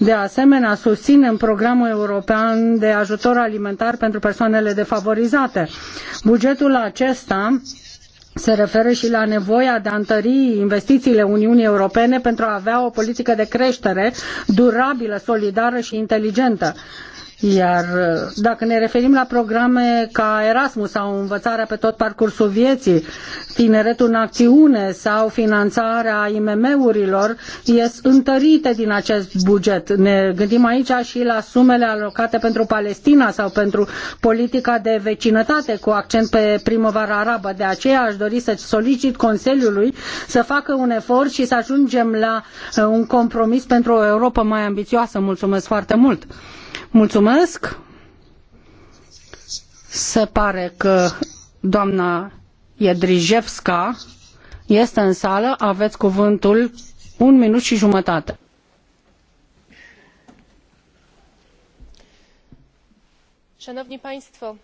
De asemenea, susținem programul european de ajutor ajutor alimentar pentru persoanele defavorizate. Bugetul acesta se referă și la nevoia de a întări investițiile Uniunii Europene pentru a avea o politică de creștere durabilă, solidară și inteligentă. Iar uh, dacă ne referim la programe ca Erasmus sau învățarea pe tot parcursul vieții, tineretul în acțiune sau finanțarea IMM-urilor, ies întărite din acest buget. Ne gândim aici și la sumele alocate pentru Palestina sau pentru politica de vecinătate cu accent pe primăvara arabă. De aceea aș dori să solicit Consiliului să facă un efort și să ajungem la uh, un compromis pentru o Europa mai ambițioasă. Mulțumesc foarte mult! Mulțumesc. Se pare că doamna Jedrijevska este în sală. Aveți cuvântul un minut și jumătate. Szanowni Państwo,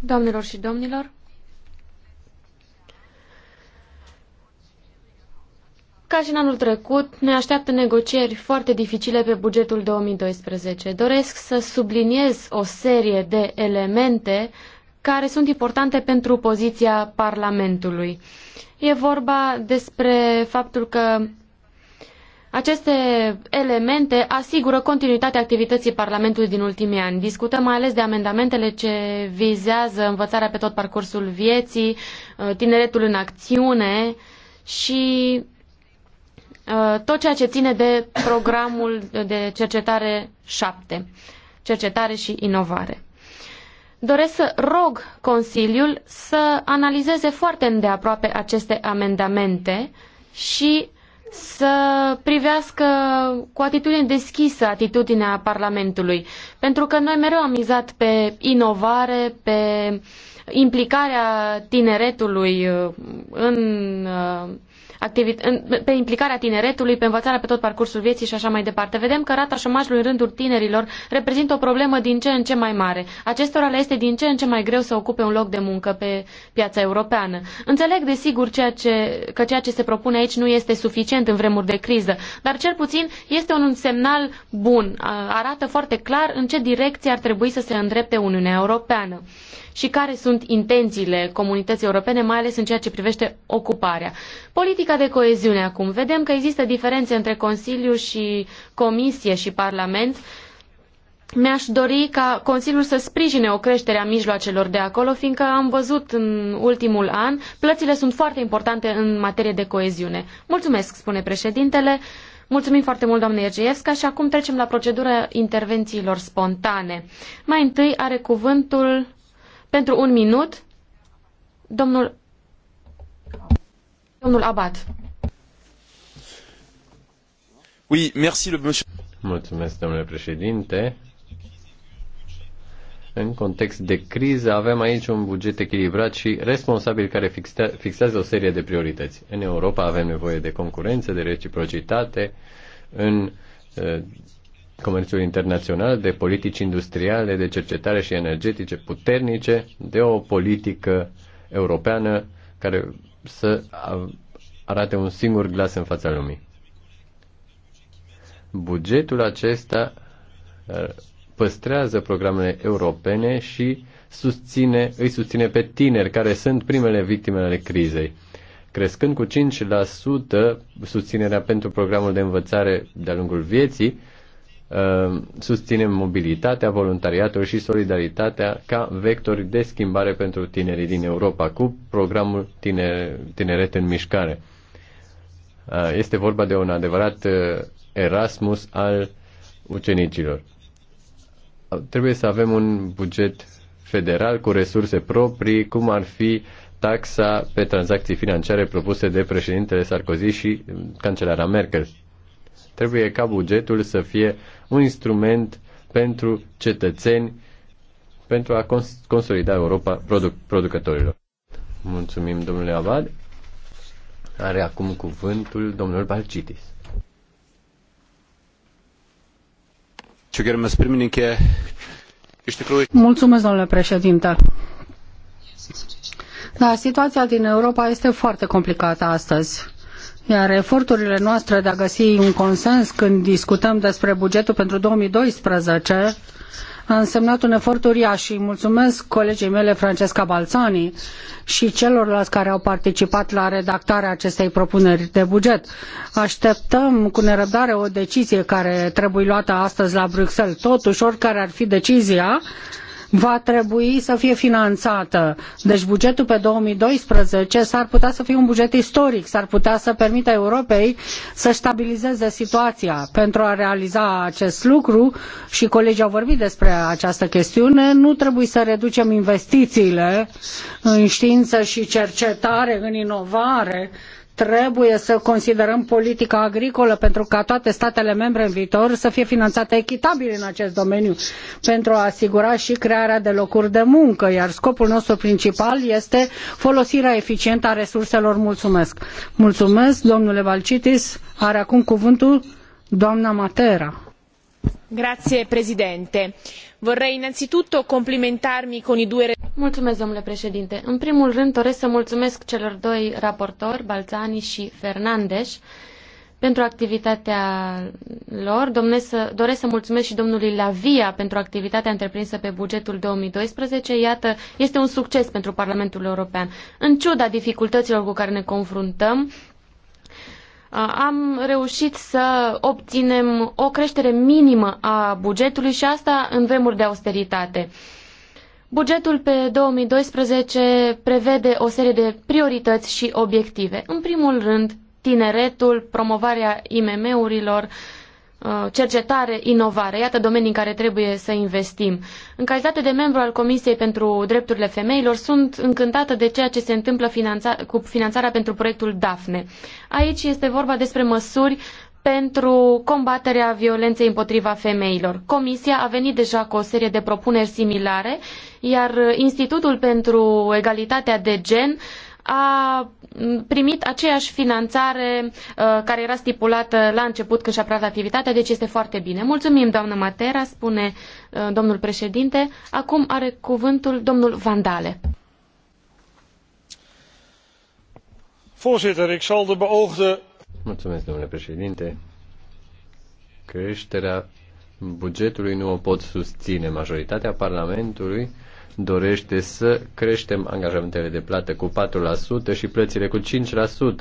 Doamnelor și domnilor, ca și în anul trecut, ne așteaptă negocieri foarte dificile pe bugetul 2012. Doresc să subliniez o serie de elemente care sunt importante pentru poziția Parlamentului. E vorba despre faptul că aceste elemente asigură continuitatea activității Parlamentului din ultimii ani. Discutăm mai ales de amendamentele ce vizează învățarea pe tot parcursul vieții, uh, tineretul în acțiune și Uh, tot ceea ce ține de programul de cercetare 7, cercetare și inovare. Doresc să rog Consiliul să analizeze foarte îndeaproape aceste amendamente și să privească cu atitudine deschisă atitudinea Parlamentului. Pentru că noi mereu am mizat pe inovare, pe implicarea tineretului uh, în uh, pe implicarea tineretului, pe învățarea pe tot parcursul vieții și așa mai departe. Vedem că rata șomajului în rândul tinerilor reprezintă o problemă din ce în ce mai mare. Acestora le este din ce în ce mai greu să ocupe un loc de muncă pe piața europeană. Înțeleg, desigur, ceea ce, că ceea ce se propune aici nu este suficient în vremuri de criză, dar cel puțin este un semnal bun. Arată foarte clar în ce direcție ar trebui să se îndrepte Uniunea Europeană și care sunt intențiile comunității europene, mai ales în ceea ce privește ocuparea. Politica de coeziune acum. Vedem că există diferențe între Consiliu și Comisie și Parlament. Mi-aș dori ca Consiliul să sprijine o creștere a mijloacelor de acolo, fiindcă am văzut în ultimul an, plățile sunt foarte importante în materie de coeziune. Mulțumesc, spune președintele. Mulțumim foarte mult, doamne Ergeievska, și acum trecem la procedura intervențiilor spontane. Mai întâi are cuvântul pentru un minut, domnul, domnul Abad. Oui, merci, le monsieur. Mulțumesc, domnule președinte. În context de criză avem aici un buget echilibrat și responsabil care fixează o serie de priorități. În Europa avem nevoie de concurență, de reciprocitate, în uh, comerțul internațional, de politici industriale, de cercetare și energetice puternice, de o politică europeană care să arate un singur glas în fața lumii. Bugetul acesta uh, păstrează programele europene și susține, îi susține pe tineri care sunt primele victime ale crizei, crescând cu 5% susținerea pentru programul de învățare de-a lungul vieții, Uh, susținem mobilitatea, voluntariatul și solidaritatea ca vectori de schimbare pentru tinerii din Europa cu programul Tineret în Mișcare. Uh, este vorba de un adevărat uh, Erasmus al ucenicilor. Trebuie să avem un buget federal cu resurse proprii, cum ar fi taxa pe tranzacții financiare propuse de președintele Sarkozy și cancelara Merkel Trebuie ca bugetul să fie un instrument pentru cetățeni, pentru a cons- consolida Europa produc- producătorilor. Mulțumim, domnule Abad. Are acum cuvântul domnul Balcitis. Mulțumesc, domnule președinte. Da, situația din Europa este foarte complicată astăzi iar eforturile noastre de a găsi un consens când discutăm despre bugetul pentru 2012 a însemnat un efort uriaș și mulțumesc colegii mele Francesca Balzani și celorlalți care au participat la redactarea acestei propuneri de buget. Așteptăm cu nerăbdare o decizie care trebuie luată astăzi la Bruxelles. Totuși, oricare ar fi decizia, va trebui să fie finanțată. Deci bugetul pe 2012 s-ar putea să fie un buget istoric, s-ar putea să permită Europei să stabilizeze situația. Pentru a realiza acest lucru, și colegii au vorbit despre această chestiune, nu trebuie să reducem investițiile în știință și cercetare, în inovare, trebuie să considerăm politica agricolă pentru ca toate statele membre în viitor să fie finanțate echitabil în acest domeniu pentru a asigura și crearea de locuri de muncă, iar scopul nostru principal este folosirea eficientă a resurselor. Mulțumesc! Mulțumesc, domnule Valcitis. Are acum cuvântul doamna Matera. Vorrei innanzitutto complimentarmi con i due... Mulțumesc, domnule președinte. În primul rând, doresc să mulțumesc celor doi raportori, Balzani și Fernandes, pentru activitatea lor. Domnesc, doresc să mulțumesc și domnului via pentru activitatea întreprinsă pe bugetul 2012. Iată, este un succes pentru Parlamentul European. În ciuda dificultăților cu care ne confruntăm, am reușit să obținem o creștere minimă a bugetului și asta în vremuri de austeritate. Bugetul pe 2012 prevede o serie de priorități și obiective. În primul rând, tineretul, promovarea IMM-urilor, Uh, cercetare, inovare. Iată domenii în care trebuie să investim. În calitate de membru al Comisiei pentru Drepturile Femeilor, sunt încântată de ceea ce se întâmplă finanța cu finanțarea pentru proiectul DAFNE. Aici este vorba despre măsuri pentru combaterea violenței împotriva femeilor. Comisia a venit deja cu o serie de propuneri similare, iar Institutul pentru Egalitatea de Gen uh, a primit aceeași finanțare uh, care era stipulată la început când și-a preluat activitatea, deci este foarte bine. Mulțumim, doamnă Matera, spune uh, domnul președinte. Acum are cuvântul domnul Vandale. Voorzitter, ik zal de beoogde... Mulțumesc, domnule președinte. Creșterea bugetului nu o pot susține. Majoritatea Parlamentului dorește să creștem angajamentele de plată cu 4% și plățile cu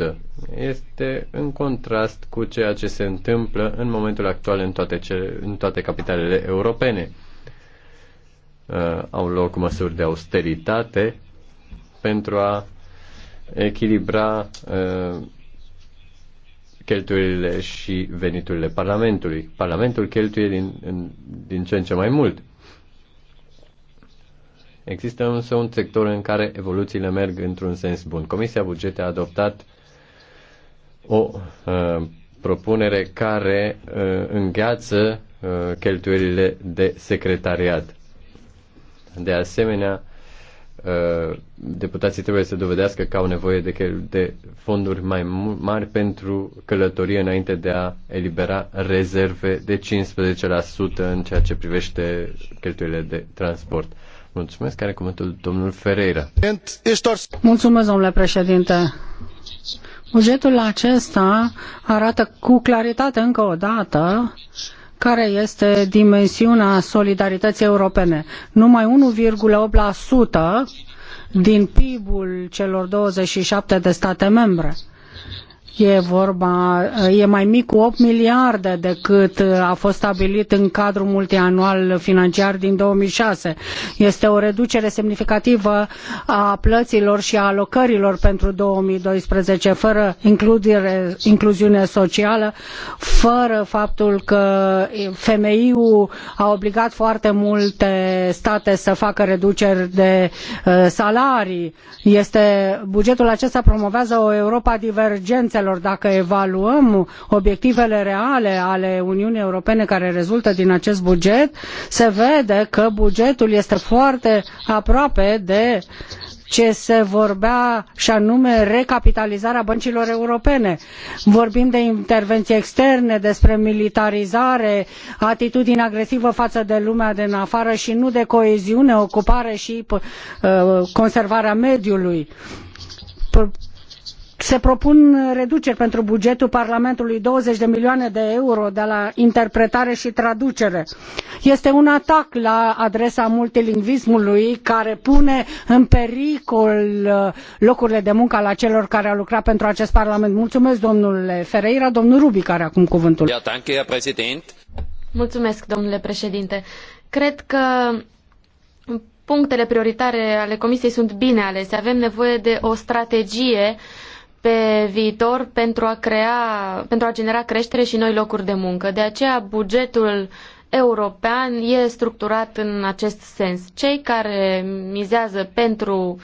5%. Este în contrast cu ceea ce se întâmplă în momentul actual în toate, cele, în toate capitalele europene. Uh, au loc măsuri de austeritate pentru a echilibra uh, cheltuielile și veniturile Parlamentului. Parlamentul cheltuie din, din ce în ce mai mult Există însă un sector în care evoluțiile merg într-un sens bun. Comisia Bugete a adoptat o uh, propunere care uh, îngheață uh, cheltuielile de secretariat. De asemenea, uh, deputații trebuie să dovedească că au nevoie de, de fonduri mai mari pentru călătorie înainte de a elibera rezerve de 15% în ceea ce privește cheltuielile de transport. Mulțumesc. Care cuvântul domnul Ferreira? Mulțumesc, domnule președinte. Bugetul acesta arată cu claritate încă o dată care este dimensiunea solidarității europene. Numai 1,8% din PIB-ul celor 27 de state membre E vorba, e mai mic cu 8 miliarde decât a fost stabilit în cadrul multianual financiar din 2006. Este o reducere semnificativă a plăților și a alocărilor pentru 2012, fără includere, incluziune socială, fără faptul că FMI-ul a obligat foarte multe state să facă reduceri de uh, salarii. Este, bugetul acesta promovează o Europa divergențelor obiectivelor, dacă evaluăm obiectivele reale ale Uniunii Europene care rezultă din acest buget, se vede că bugetul este foarte aproape de ce se vorbea și anume recapitalizarea băncilor europene. Vorbim de intervenții externe, despre militarizare, atitudine agresivă față de lumea din afară și nu de coeziune, ocupare și uh, conservarea mediului se propun reduceri pentru bugetul Parlamentului 20 de milioane de euro de la interpretare și traducere. Este un atac la adresa multilingvismului care pune în pericol uh, locurile de muncă ale celor care au lucrat pentru acest Parlament. Mulțumesc, domnule Ferreira. Domnul Rubi, care acum cuvântul. Mulțumesc, domnule președinte. Cred că punctele prioritare ale Comisiei sunt bine alese. Avem nevoie de o strategie pe viitor pentru a, crea, pentru a genera creștere și noi locuri de muncă. De aceea bugetul european e structurat în acest sens. Cei care mizează pentru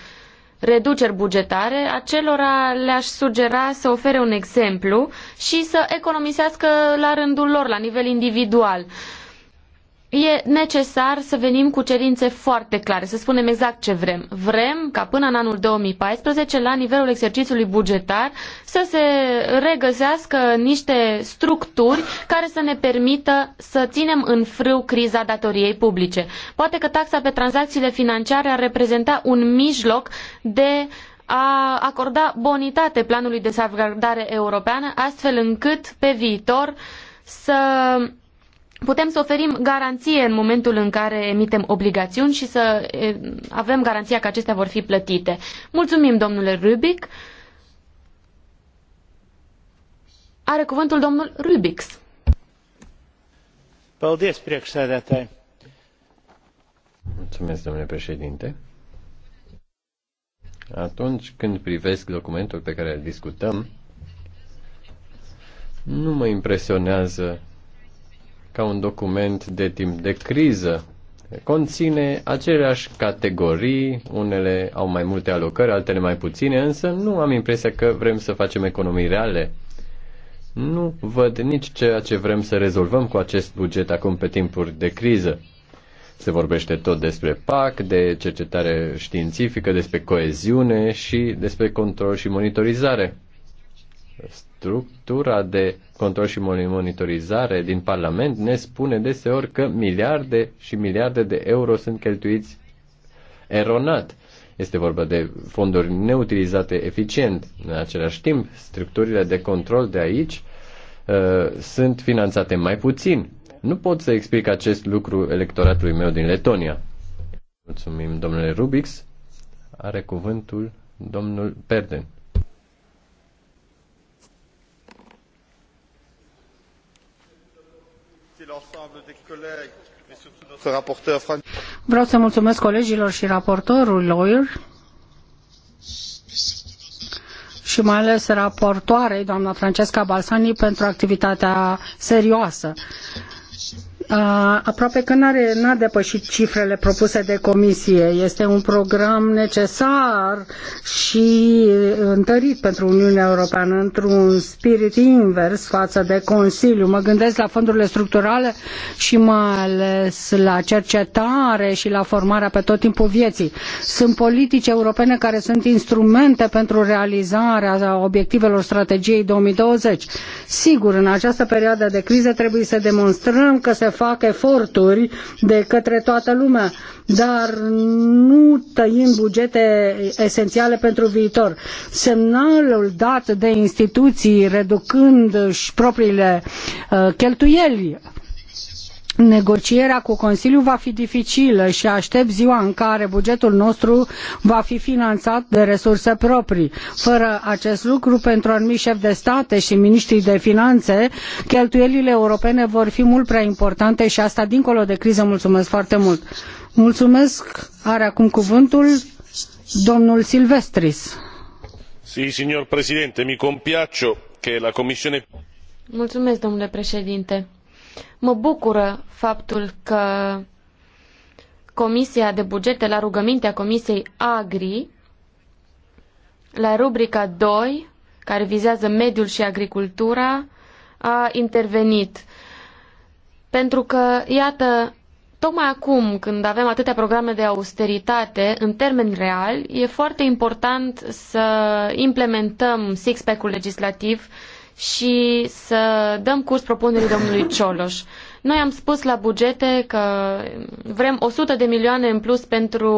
reduceri bugetare, acelora le-aș sugera să ofere un exemplu și să economisească la rândul lor, la nivel individual e necesar să venim cu cerințe foarte clare, să spunem exact ce vrem. Vrem ca până în anul 2014, la nivelul exercițiului bugetar, să se regăsească niște structuri care să ne permită să ținem în frâu criza datoriei publice. Poate că taxa pe tranzacțiile financiare ar reprezenta un mijloc de a acorda bonitate planului de salvgardare europeană, astfel încât pe viitor să putem să oferim garanție în momentul în care emitem obligațiuni și să avem garanția că acestea vor fi plătite. Mulțumim, domnule Rubic. Are cuvântul domnul Rubix. Mulțumesc, domnule președinte. Atunci când privesc documentul pe care îl discutăm, nu mă impresionează ca un document de timp de criză. Conține aceleași categorii, unele au mai multe alocări, altele mai puține, însă nu am impresia că vrem să facem economii reale. Nu văd nici ceea ce vrem să rezolvăm cu acest buget acum pe timpuri de criză. Se vorbește tot despre PAC, de cercetare științifică, despre coeziune și despre control și monitorizare structura de control și monitorizare din Parlament ne spune deseori că miliarde și miliarde de euro sunt cheltuiți eronat. Este vorba de fonduri neutilizate eficient. În același timp, structurile de control de aici uh, sunt finanțate mai puțin. Nu pot să explic acest lucru electoratului meu din Letonia. Mulțumim, domnule Rubix. Are cuvântul domnul Perden. Vreau să mulțumesc colegilor și raportorului și mai ales raportoarei, doamna Francesca Balsani, pentru activitatea serioasă a, aproape că n-are, n-a depășit cifrele propuse de comisie. Este un program necesar și întărit pentru Uniunea Europeană într-un spirit invers față de Consiliu. Mă gândesc la fondurile structurale și mai ales la cercetare și la formarea pe tot timpul vieții. Sunt politici europene care sunt instrumente pentru realizarea obiectivelor strategiei 2020. Sigur, în această perioadă de criză trebuie să demonstrăm că se fac eforturi de către toată lumea, dar nu tăim bugete esențiale pentru viitor. Semnalul dat de instituții reducând propriile uh, cheltuieli Negocierea cu Consiliul va fi dificilă și aștept ziua în care bugetul nostru va fi finanțat de resurse proprii. Fără acest lucru, pentru anumiți șefi de state și miniștrii de finanțe, cheltuielile europene vor fi mult prea importante și asta dincolo de criză. Mulțumesc foarte mult! Mulțumesc! Are acum cuvântul domnul Silvestris. Si, signor președinte, mi compiaccio că la Commissione... Mulțumesc, domnule președinte. Mă bucură faptul că Comisia de Bugete, la rugămintea Comisiei Agri, la rubrica 2, care vizează mediul și agricultura, a intervenit. Pentru că, iată, tocmai acum, când avem atâtea programe de austeritate, în termeni reali, e foarte important să implementăm six-pack-ul legislativ uh, și să dăm curs propunerii domnului Cioloș. Noi am spus la bugete că vrem 100 de milioane în plus pentru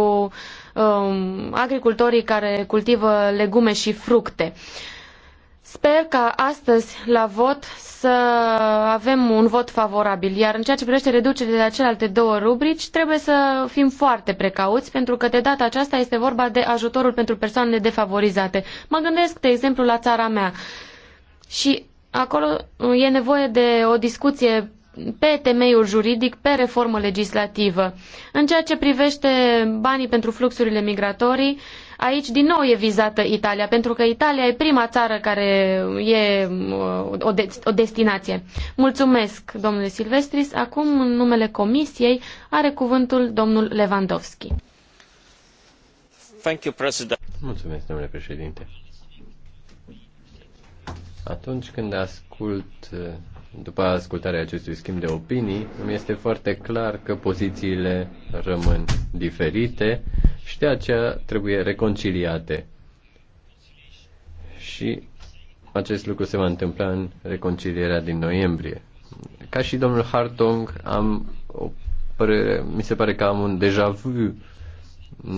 um, agricultorii care cultivă legume și fructe. Sper ca astăzi la vot să avem un vot favorabil, iar în ceea ce privește reducerea de celelalte două rubrici, trebuie să fim foarte precauți, pentru că de data aceasta este vorba de ajutorul pentru persoanele defavorizate. Mă gândesc, de exemplu, la țara mea. Uh, și acolo uh, e nevoie de o discuție pe temeiul juridic, pe reformă legislativă. În ceea ce privește banii pentru fluxurile migratorii, aici din nou e vizată Italia, pentru că Italia e prima țară care e uh, o, de- o destinație. Mulțumesc, domnule Silvestris. Acum, în numele Comisiei, are cuvântul domnul Lewandowski. Thank you, President. Mulțumesc, domnule președinte. Atunci când ascult, după ascultarea acestui schimb de opinii, îmi este foarte clar că pozițiile rămân diferite și de aceea trebuie reconciliate. Și acest lucru se va întâmpla în reconcilierea din noiembrie. Ca și domnul Hartong, am o părere, mi se pare că am un deja vu.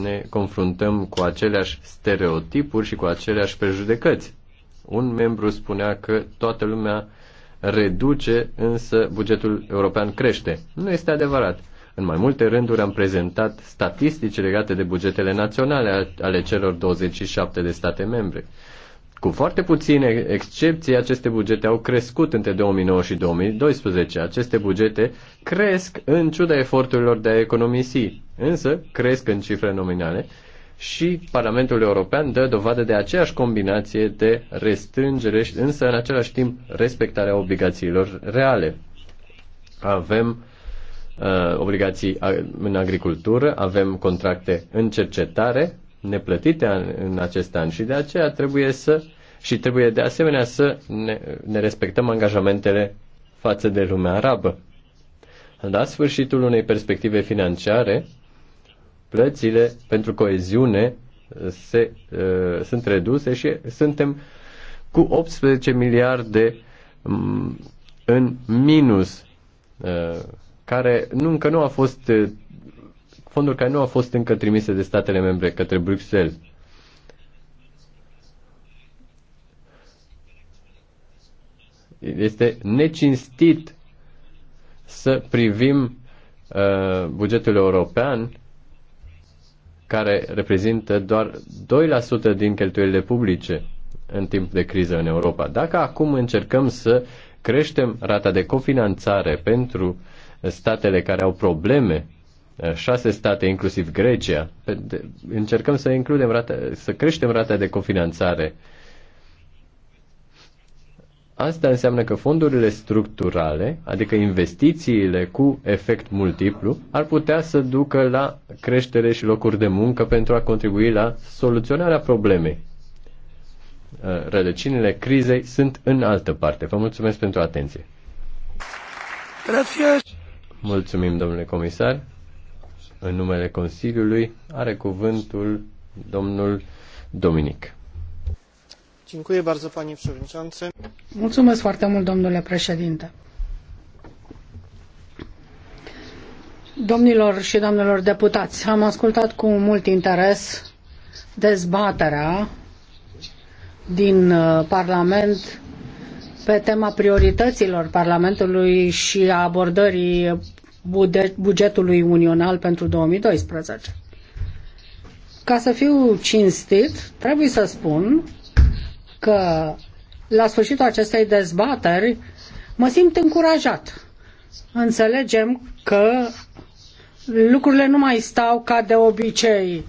Ne confruntăm cu aceleași stereotipuri și cu aceleași prejudecăți un membru spunea că toată lumea reduce, însă bugetul european crește. Nu este adevărat. În mai multe rânduri am prezentat statistici legate de bugetele naționale ale celor 27 de state membre. Cu foarte puține excepții, aceste bugete au crescut între 2009 și 2012. Aceste bugete cresc în ciuda eforturilor de a economisi, însă cresc în cifre nominale și Parlamentul European dă dovadă de aceeași combinație de restrângere, însă în același timp respectarea obligațiilor reale. Avem uh, obligații în agricultură, avem contracte în cercetare neplătite în acest an și de aceea trebuie să și trebuie de asemenea să ne, ne respectăm angajamentele față de lumea arabă. La sfârșitul unei perspective financiare, plățile pentru coeziune uh, se, uh, sunt reduse și suntem cu 18 miliarde um, în minus, uh, care nu, încă nu a fost uh, fonduri care nu au fost încă trimise de statele membre către Bruxelles. Este necinstit să privim uh, bugetul european care reprezintă doar 2% din cheltuielile publice în timp de criză în Europa. Dacă acum încercăm să creștem rata de cofinanțare pentru statele care au probleme, șase state, inclusiv Grecia, încercăm să includem rata, să creștem rata de cofinanțare Asta înseamnă că fondurile structurale, adică investițiile cu efect multiplu, ar putea să ducă la creștere și locuri de muncă pentru a contribui la soluționarea problemei. Uh, rădăcinile crizei sunt în altă parte. Vă mulțumesc pentru atenție. Gracias. Mulțumim, domnule comisar. În numele Consiliului are cuvântul domnul Dominic. Mulțumesc foarte mult, domnule președinte. Domnilor și doamnelor deputați, am ascultat cu mult interes dezbaterea din uh, Parlament pe tema priorităților Parlamentului și a abordării bugetului unional pentru 2012. Ca să fiu cinstit, trebuie să spun că la sfârșitul acestei dezbateri mă simt încurajat. Înțelegem că lucrurile nu mai stau ca de obicei.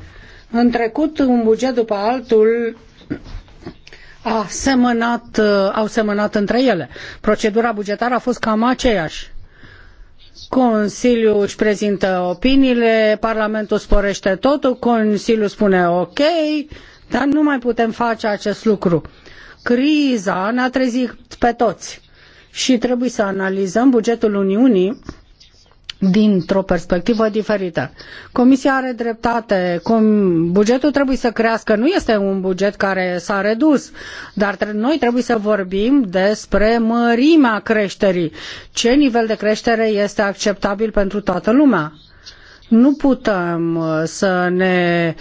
În trecut, un buget după altul a semănat, uh, au semănat între ele. Procedura bugetară a fost cam aceeași. Consiliul își prezintă opiniile, Parlamentul sporește totul, Consiliul spune ok, dar nu mai putem face acest lucru. Criza ne-a trezit pe toți și trebuie să analizăm bugetul Uniunii dintr-o perspectivă diferită. Comisia are dreptate, bugetul trebuie să crească, nu este un buget care s-a redus, dar noi trebuie să vorbim despre mărimea creșterii. Ce nivel de creștere este acceptabil pentru toată lumea? Nu putem uh, să ne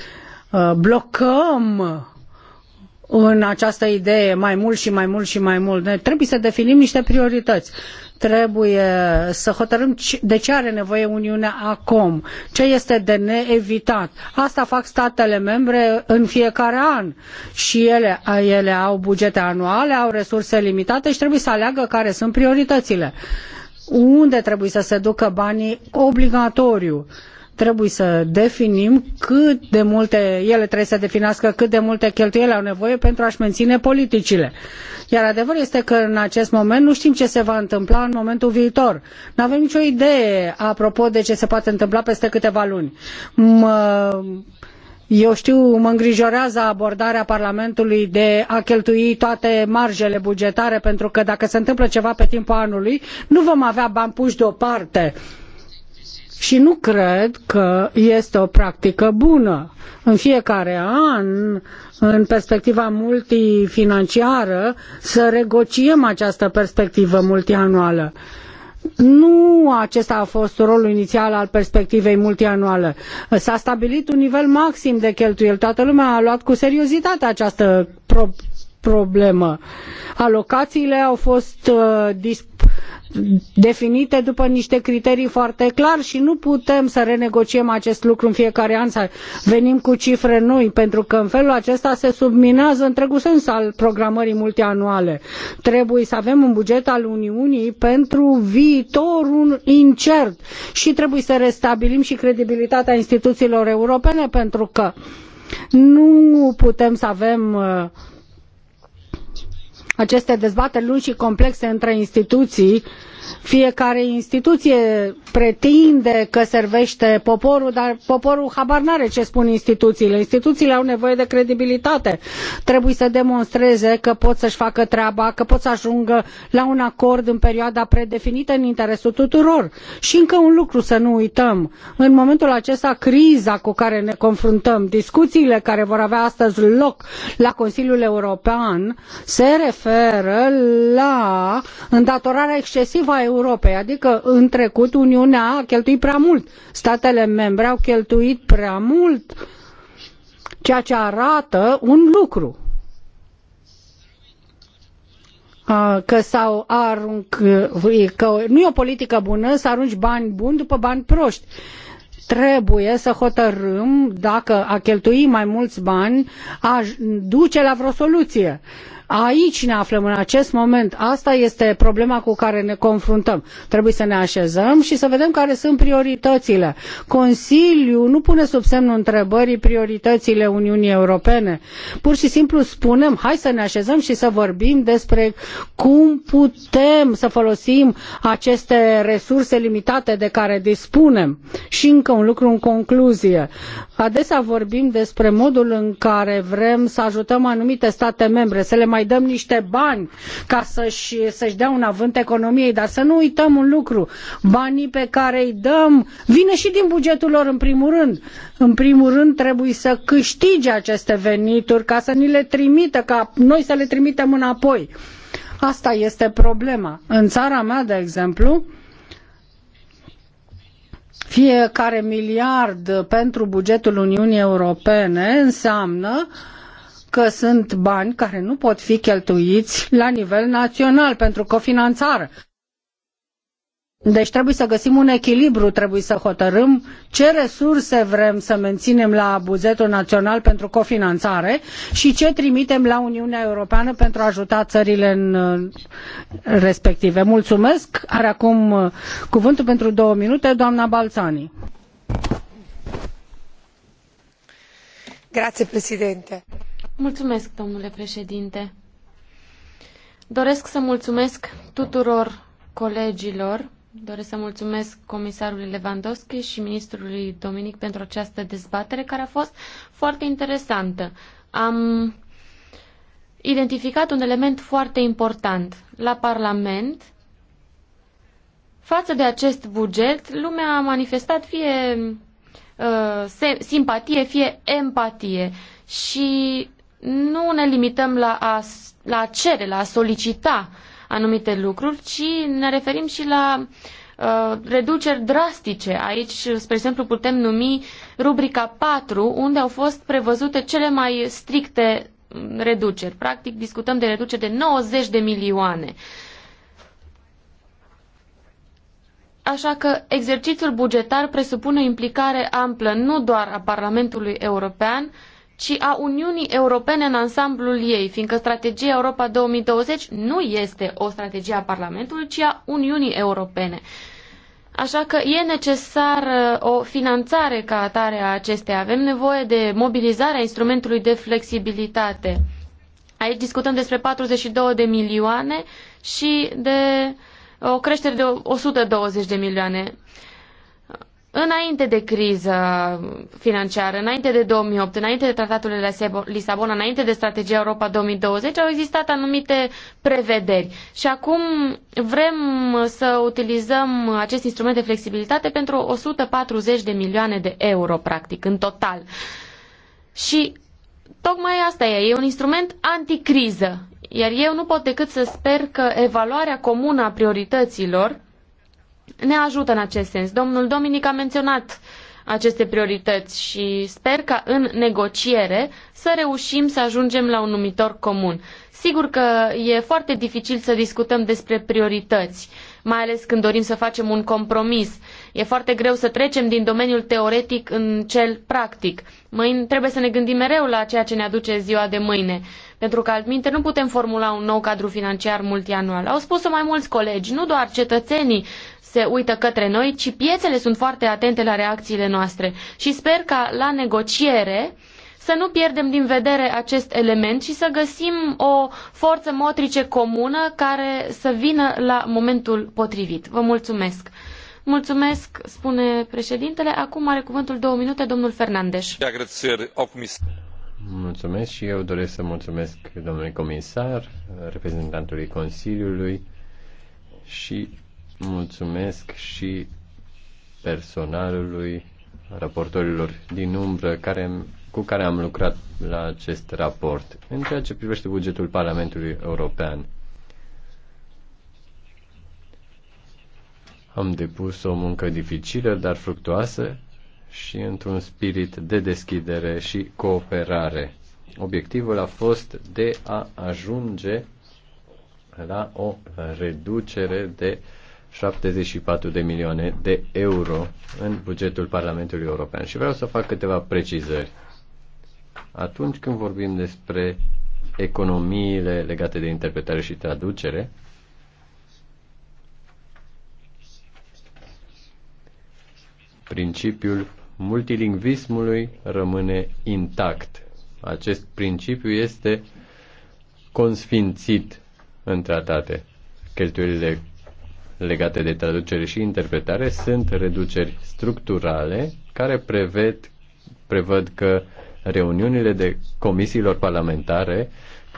Uh, blocăm în această idee mai mult și mai mult și mai mult. Ne trebuie să definim niște priorități. Trebuie să hotărâm de ce are nevoie Uniunea acum, ce este de neevitat. Asta fac statele membre în fiecare an și ele, ele au bugete anuale, au resurse limitate și trebuie să aleagă care sunt prioritățile. Unde trebuie să se ducă banii obligatoriu? Uh, Trebuie să definim cât de multe, ele trebuie să definească cât de multe cheltuieli au nevoie pentru a-și menține politicile. Iar adevărul este că în acest moment nu știm ce se va întâmpla în momentul viitor. Nu avem nicio idee apropo de ce se poate întâmpla peste câteva luni. Mă... Eu știu, mă îngrijorează abordarea Parlamentului de a cheltui toate marjele bugetare, pentru că dacă se întâmplă ceva pe timpul anului, nu vom avea bani puși deoparte și nu cred că este o practică bună. În fiecare an, în perspectiva multifinanciară, să regociem această perspectivă multianuală. Nu acesta a fost rolul inițial al perspectivei multianuale. S-a stabilit un nivel maxim de cheltuieli. Toată lumea a luat cu seriozitate această pro- problemă. Alocațiile au fost uh, definite după niște criterii foarte clar și nu putem să renegociem acest lucru în fiecare an, să venim cu cifre noi, pentru că în felul acesta se subminează întregul sens al programării multianuale. Trebuie să avem un buget al Uniunii pentru viitorul incert și trebuie să restabilim și credibilitatea instituțiilor europene, pentru că nu putem să avem uh, aceste dezbateri lungi și complexe între instituții fiecare instituție pretinde că servește poporul, dar poporul habar n-are ce spun instituțiile. Instituțiile au nevoie de credibilitate. Trebuie să demonstreze că pot să-și facă treaba, că pot să ajungă la un acord în perioada predefinită în interesul tuturor. Și încă un lucru să nu uităm. În momentul acesta, criza cu care ne confruntăm, discuțiile care vor avea astăzi loc la Consiliul European se referă la îndatorarea excesivă a Europei, adică în trecut Uniunea a cheltuit prea mult, statele membre au cheltuit prea mult, ceea ce arată un lucru, că sau arunc, că nu e o politică bună să arunci bani buni după bani proști. Trebuie să hotărâm dacă a cheltui mai mulți bani a duce la vreo soluție. Aici ne aflăm în acest moment. Asta este problema cu care ne confruntăm. Trebuie să ne așezăm și să vedem care sunt prioritățile. Consiliul nu pune sub semnul întrebării prioritățile Uniunii Europene. Pur și simplu spunem, hai să ne așezăm și să vorbim despre cum putem să folosim aceste resurse limitate de care dispunem. Și încă un lucru în concluzie. Adesea vorbim despre modul în care vrem să ajutăm anumite state membre să le mai mai dăm niște bani ca să-și, să-și dea un avânt economiei, dar să nu uităm un lucru, banii pe care îi dăm vine și din bugetul lor în primul rând. În primul rând trebuie să câștige aceste venituri ca să ni le trimită, ca noi să le trimitem înapoi. Asta este problema. În țara mea, de exemplu, fiecare miliard pentru bugetul Uniunii Europene înseamnă uh, că sunt bani care nu pot fi cheltuiți la nivel național pentru cofinanțare. Deci trebuie să găsim un echilibru, trebuie să hotărâm ce resurse vrem să menținem la bugetul național pentru cofinanțare și ce trimitem la Uniunea Europeană pentru a ajuta țările în uh, respective. Mulțumesc. Are acum uh, cuvântul pentru două minute doamna Balțani. Grazie, președinte. Mulțumesc, domnule președinte. Doresc să mulțumesc tuturor colegilor, doresc să mulțumesc comisarului Lewandowski și ministrului Dominic pentru această dezbatere care a fost foarte interesantă. Am identificat un element foarte important. La Parlament, față de acest buget, lumea a manifestat fie uh, simpatie, fie empatie. Și nu ne limităm la a, la a cere, la a solicita anumite lucruri, ci ne referim și la uh, reduceri drastice. Aici, spre exemplu, putem numi rubrica 4, unde au fost prevăzute cele mai stricte mm, reduceri. Practic, discutăm de reduceri de 90 de milioane. Așa că exercițiul bugetar presupune o implicare amplă nu doar a Parlamentului European, ci a Uniunii Europene în ansamblul ei, fiindcă strategia Europa 2020 nu este o strategie a Parlamentului, ci a Uniunii Europene. Așa că e necesară o finanțare ca atare a acesteia. Avem nevoie de mobilizarea instrumentului de flexibilitate. Aici discutăm despre 42 de milioane și de o creștere de 120 de milioane. Uh, înainte de criză financiară, înainte de 2008, înainte de tratatul de la Lisabona, înainte de strategia Europa 2020, au existat anumite prevederi. Și acum vrem să utilizăm acest instrument de flexibilitate pentru 140 de milioane de euro, practic, în total. Și tocmai asta e, e un instrument anticriză. Iar eu nu pot decât să sper că evaluarea comună a priorităților ne ajută în acest sens. Domnul Dominic a menționat aceste priorități și sper ca în negociere să reușim să ajungem la un numitor comun. Sigur că e foarte dificil să discutăm despre priorități mai ales când dorim să facem un compromis. E foarte greu să trecem din domeniul teoretic în cel practic. Mâine trebuie să ne gândim mereu la ceea ce ne aduce ziua de mâine, pentru că altminte nu putem formula un nou cadru financiar multianual. Au spus-o mai mulți colegi, nu doar cetățenii se uită către noi, ci piețele sunt foarte atente la reacțiile noastre. Și sper ca la negociere să nu pierdem din vedere acest element și să găsim o forță motrice comună care să vină la momentul potrivit. Vă mulțumesc! Mulțumesc, spune președintele. Acum are cuvântul două minute domnul Fernandes. Mulțumesc și eu doresc să mulțumesc domnului comisar, reprezentantului Consiliului și mulțumesc și personalului, raportorilor din umbră care cu care am lucrat la acest raport în ceea ce privește bugetul Parlamentului European. Am depus o muncă dificilă, dar fructuoasă și într-un spirit de deschidere și cooperare. Obiectivul a fost de a ajunge la o reducere de 74 de milioane de euro în bugetul Parlamentului European. Și vreau să fac câteva precizări. Atunci când vorbim despre economiile legate de interpretare și traducere, principiul multilingvismului rămâne intact. Acest principiu este consfințit în tratate. Cheltuielile legate de traducere și interpretare sunt reduceri structurale care preved, prevăd că uh, reuniunile de comisiilor parlamentare,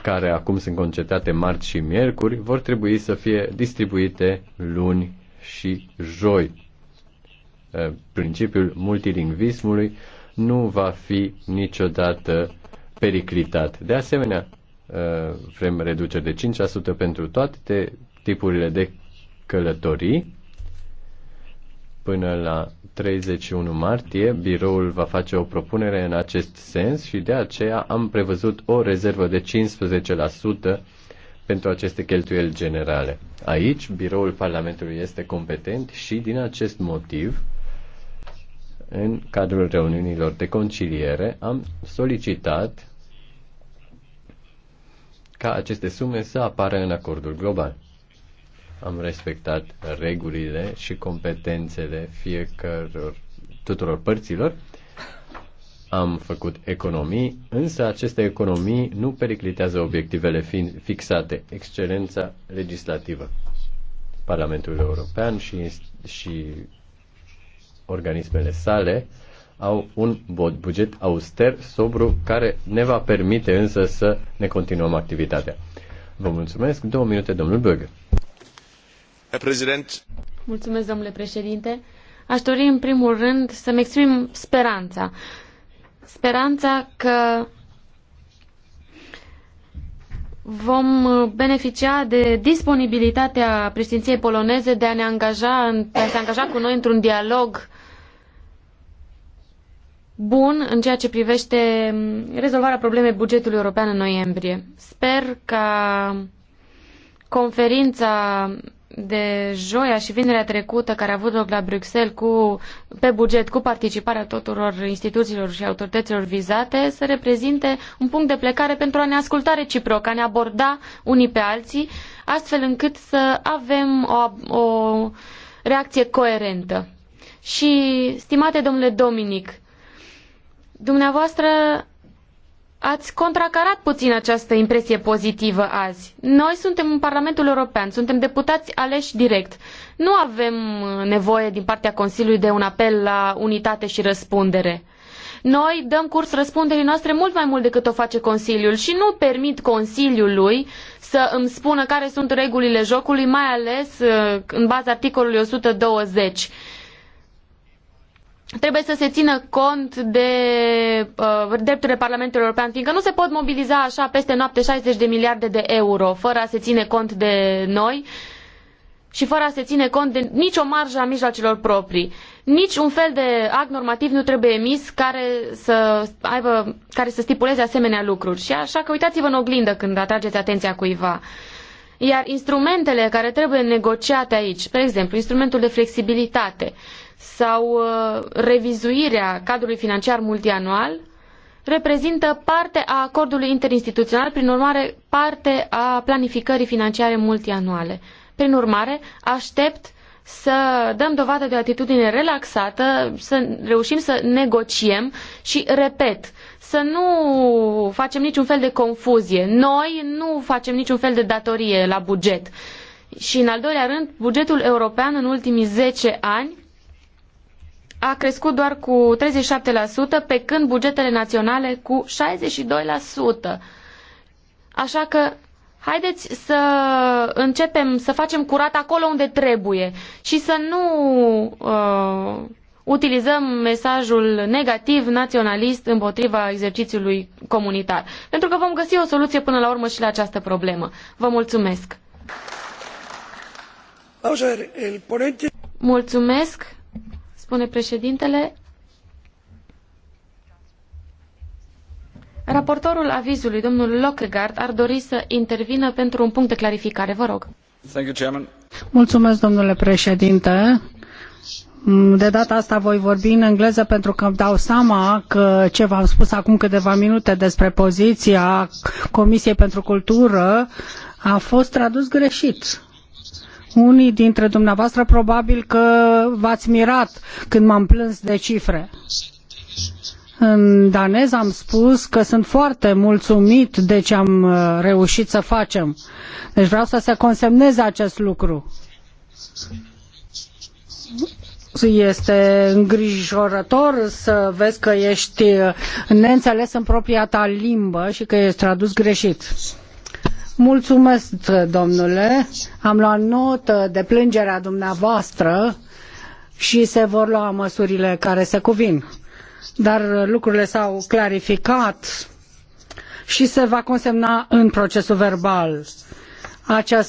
care acum sunt concetate marți și miercuri, vor trebui să fie distribuite luni și joi. Eh, principiul multilingvismului nu va fi niciodată periclitat. De asemenea, eh, vrem reduceri de 5% pentru toate tipurile de călătorii Până la 31 martie, biroul va face o propunere în acest sens și de aceea am prevăzut o rezervă de 15% pentru aceste cheltuieli generale. Aici, biroul Parlamentului este competent și din acest motiv, în cadrul reuniunilor de conciliere, am solicitat ca aceste sume să apară în acordul global am respectat regulile și competențele fiecăror tuturor părților. Am făcut economii, însă aceste economii nu periclitează obiectivele fixate, excelența legislativă. Parlamentul European și, și organismele sale au un buget auster, sobru, care ne va permite însă să ne continuăm activitatea. Vă mulțumesc. Două minute, domnul Böge. Mulțumesc, domnule președinte. Aș dori, în primul rând, să-mi exprim speranța. Speranța că vom beneficia de disponibilitatea președinției poloneze de a ne angaja, de a se angaja cu noi într-un dialog bun în ceea ce privește rezolvarea problemei bugetului european în noiembrie. Sper ca conferința de joia și vinerea trecută care a avut loc la Bruxelles cu, pe buget cu participarea tuturor instituțiilor și autorităților vizate să reprezinte un punct de plecare pentru a ne asculta reciproc, a ne aborda unii pe alții, astfel încât să avem o, o reacție coerentă. Și, stimate domnule Dominic, dumneavoastră ați contracarat puțin această impresie pozitivă azi. Noi suntem în Parlamentul European, suntem deputați aleși direct. Nu avem uh, nevoie din partea Consiliului de un apel la unitate și răspundere. Noi dăm curs răspunderii noastre mult mai mult decât o face Consiliul și nu permit Consiliului să îmi spună care sunt regulile jocului, mai ales uh, în baza articolului 120 trebuie să se țină cont de uh, drepturile Parlamentului European, fiindcă nu se pot mobiliza așa peste noapte 60 de miliarde de euro fără a se ține cont de noi și fără a se ține cont de nicio marjă a mijloacelor proprii. Nici un fel de act normativ nu trebuie emis care să, aibă, care să stipuleze asemenea lucruri. Și așa că uitați-vă în oglindă când atrageți atenția cuiva. Iar instrumentele care trebuie negociate aici, pe exemplu, instrumentul de flexibilitate, sau uh, revizuirea cadrului financiar multianual reprezintă parte a acordului interinstituțional, prin urmare parte a planificării financiare multianuale. Prin urmare, aștept să dăm dovadă de o atitudine relaxată, să reușim să negociem și, repet, să nu facem niciun fel de confuzie. Noi nu facem niciun fel de datorie la buget. Și, în al doilea rând, bugetul european în ultimii zece ani a crescut doar cu 37%, pe când bugetele naționale cu 62%. Așa că haideți să începem să facem curat acolo unde trebuie și să nu uh, utilizăm mesajul negativ naționalist împotriva exercițiului comunitar. Pentru că vom găsi o soluție până la urmă și la această problemă. Vă mulțumesc! Mulțumesc! spune președintele. Raportorul avizului, domnul Lockegaard, ar dori să intervină pentru un punct de clarificare. Vă rog. Mulțumesc, domnule președinte. De data asta voi vorbi în engleză pentru că îmi dau seama că ce v-am spus acum câteva minute despre poziția Comisiei pentru Cultură a fost tradus greșit unii dintre dumneavoastră probabil că v-ați mirat când m-am plâns de cifre. În danez am spus că sunt foarte mulțumit de ce am uh, reușit să facem. Deci vreau să se consemneze acest lucru este îngrijorător să vezi că ești uh, neînțeles în propria ta limbă și că ești tradus greșit. Mulțumesc, domnule. Am luat notă de plângerea dumneavoastră și se vor lua măsurile care se cuvin. Dar lucrurile s-au clarificat și se va consemna în procesul verbal. Această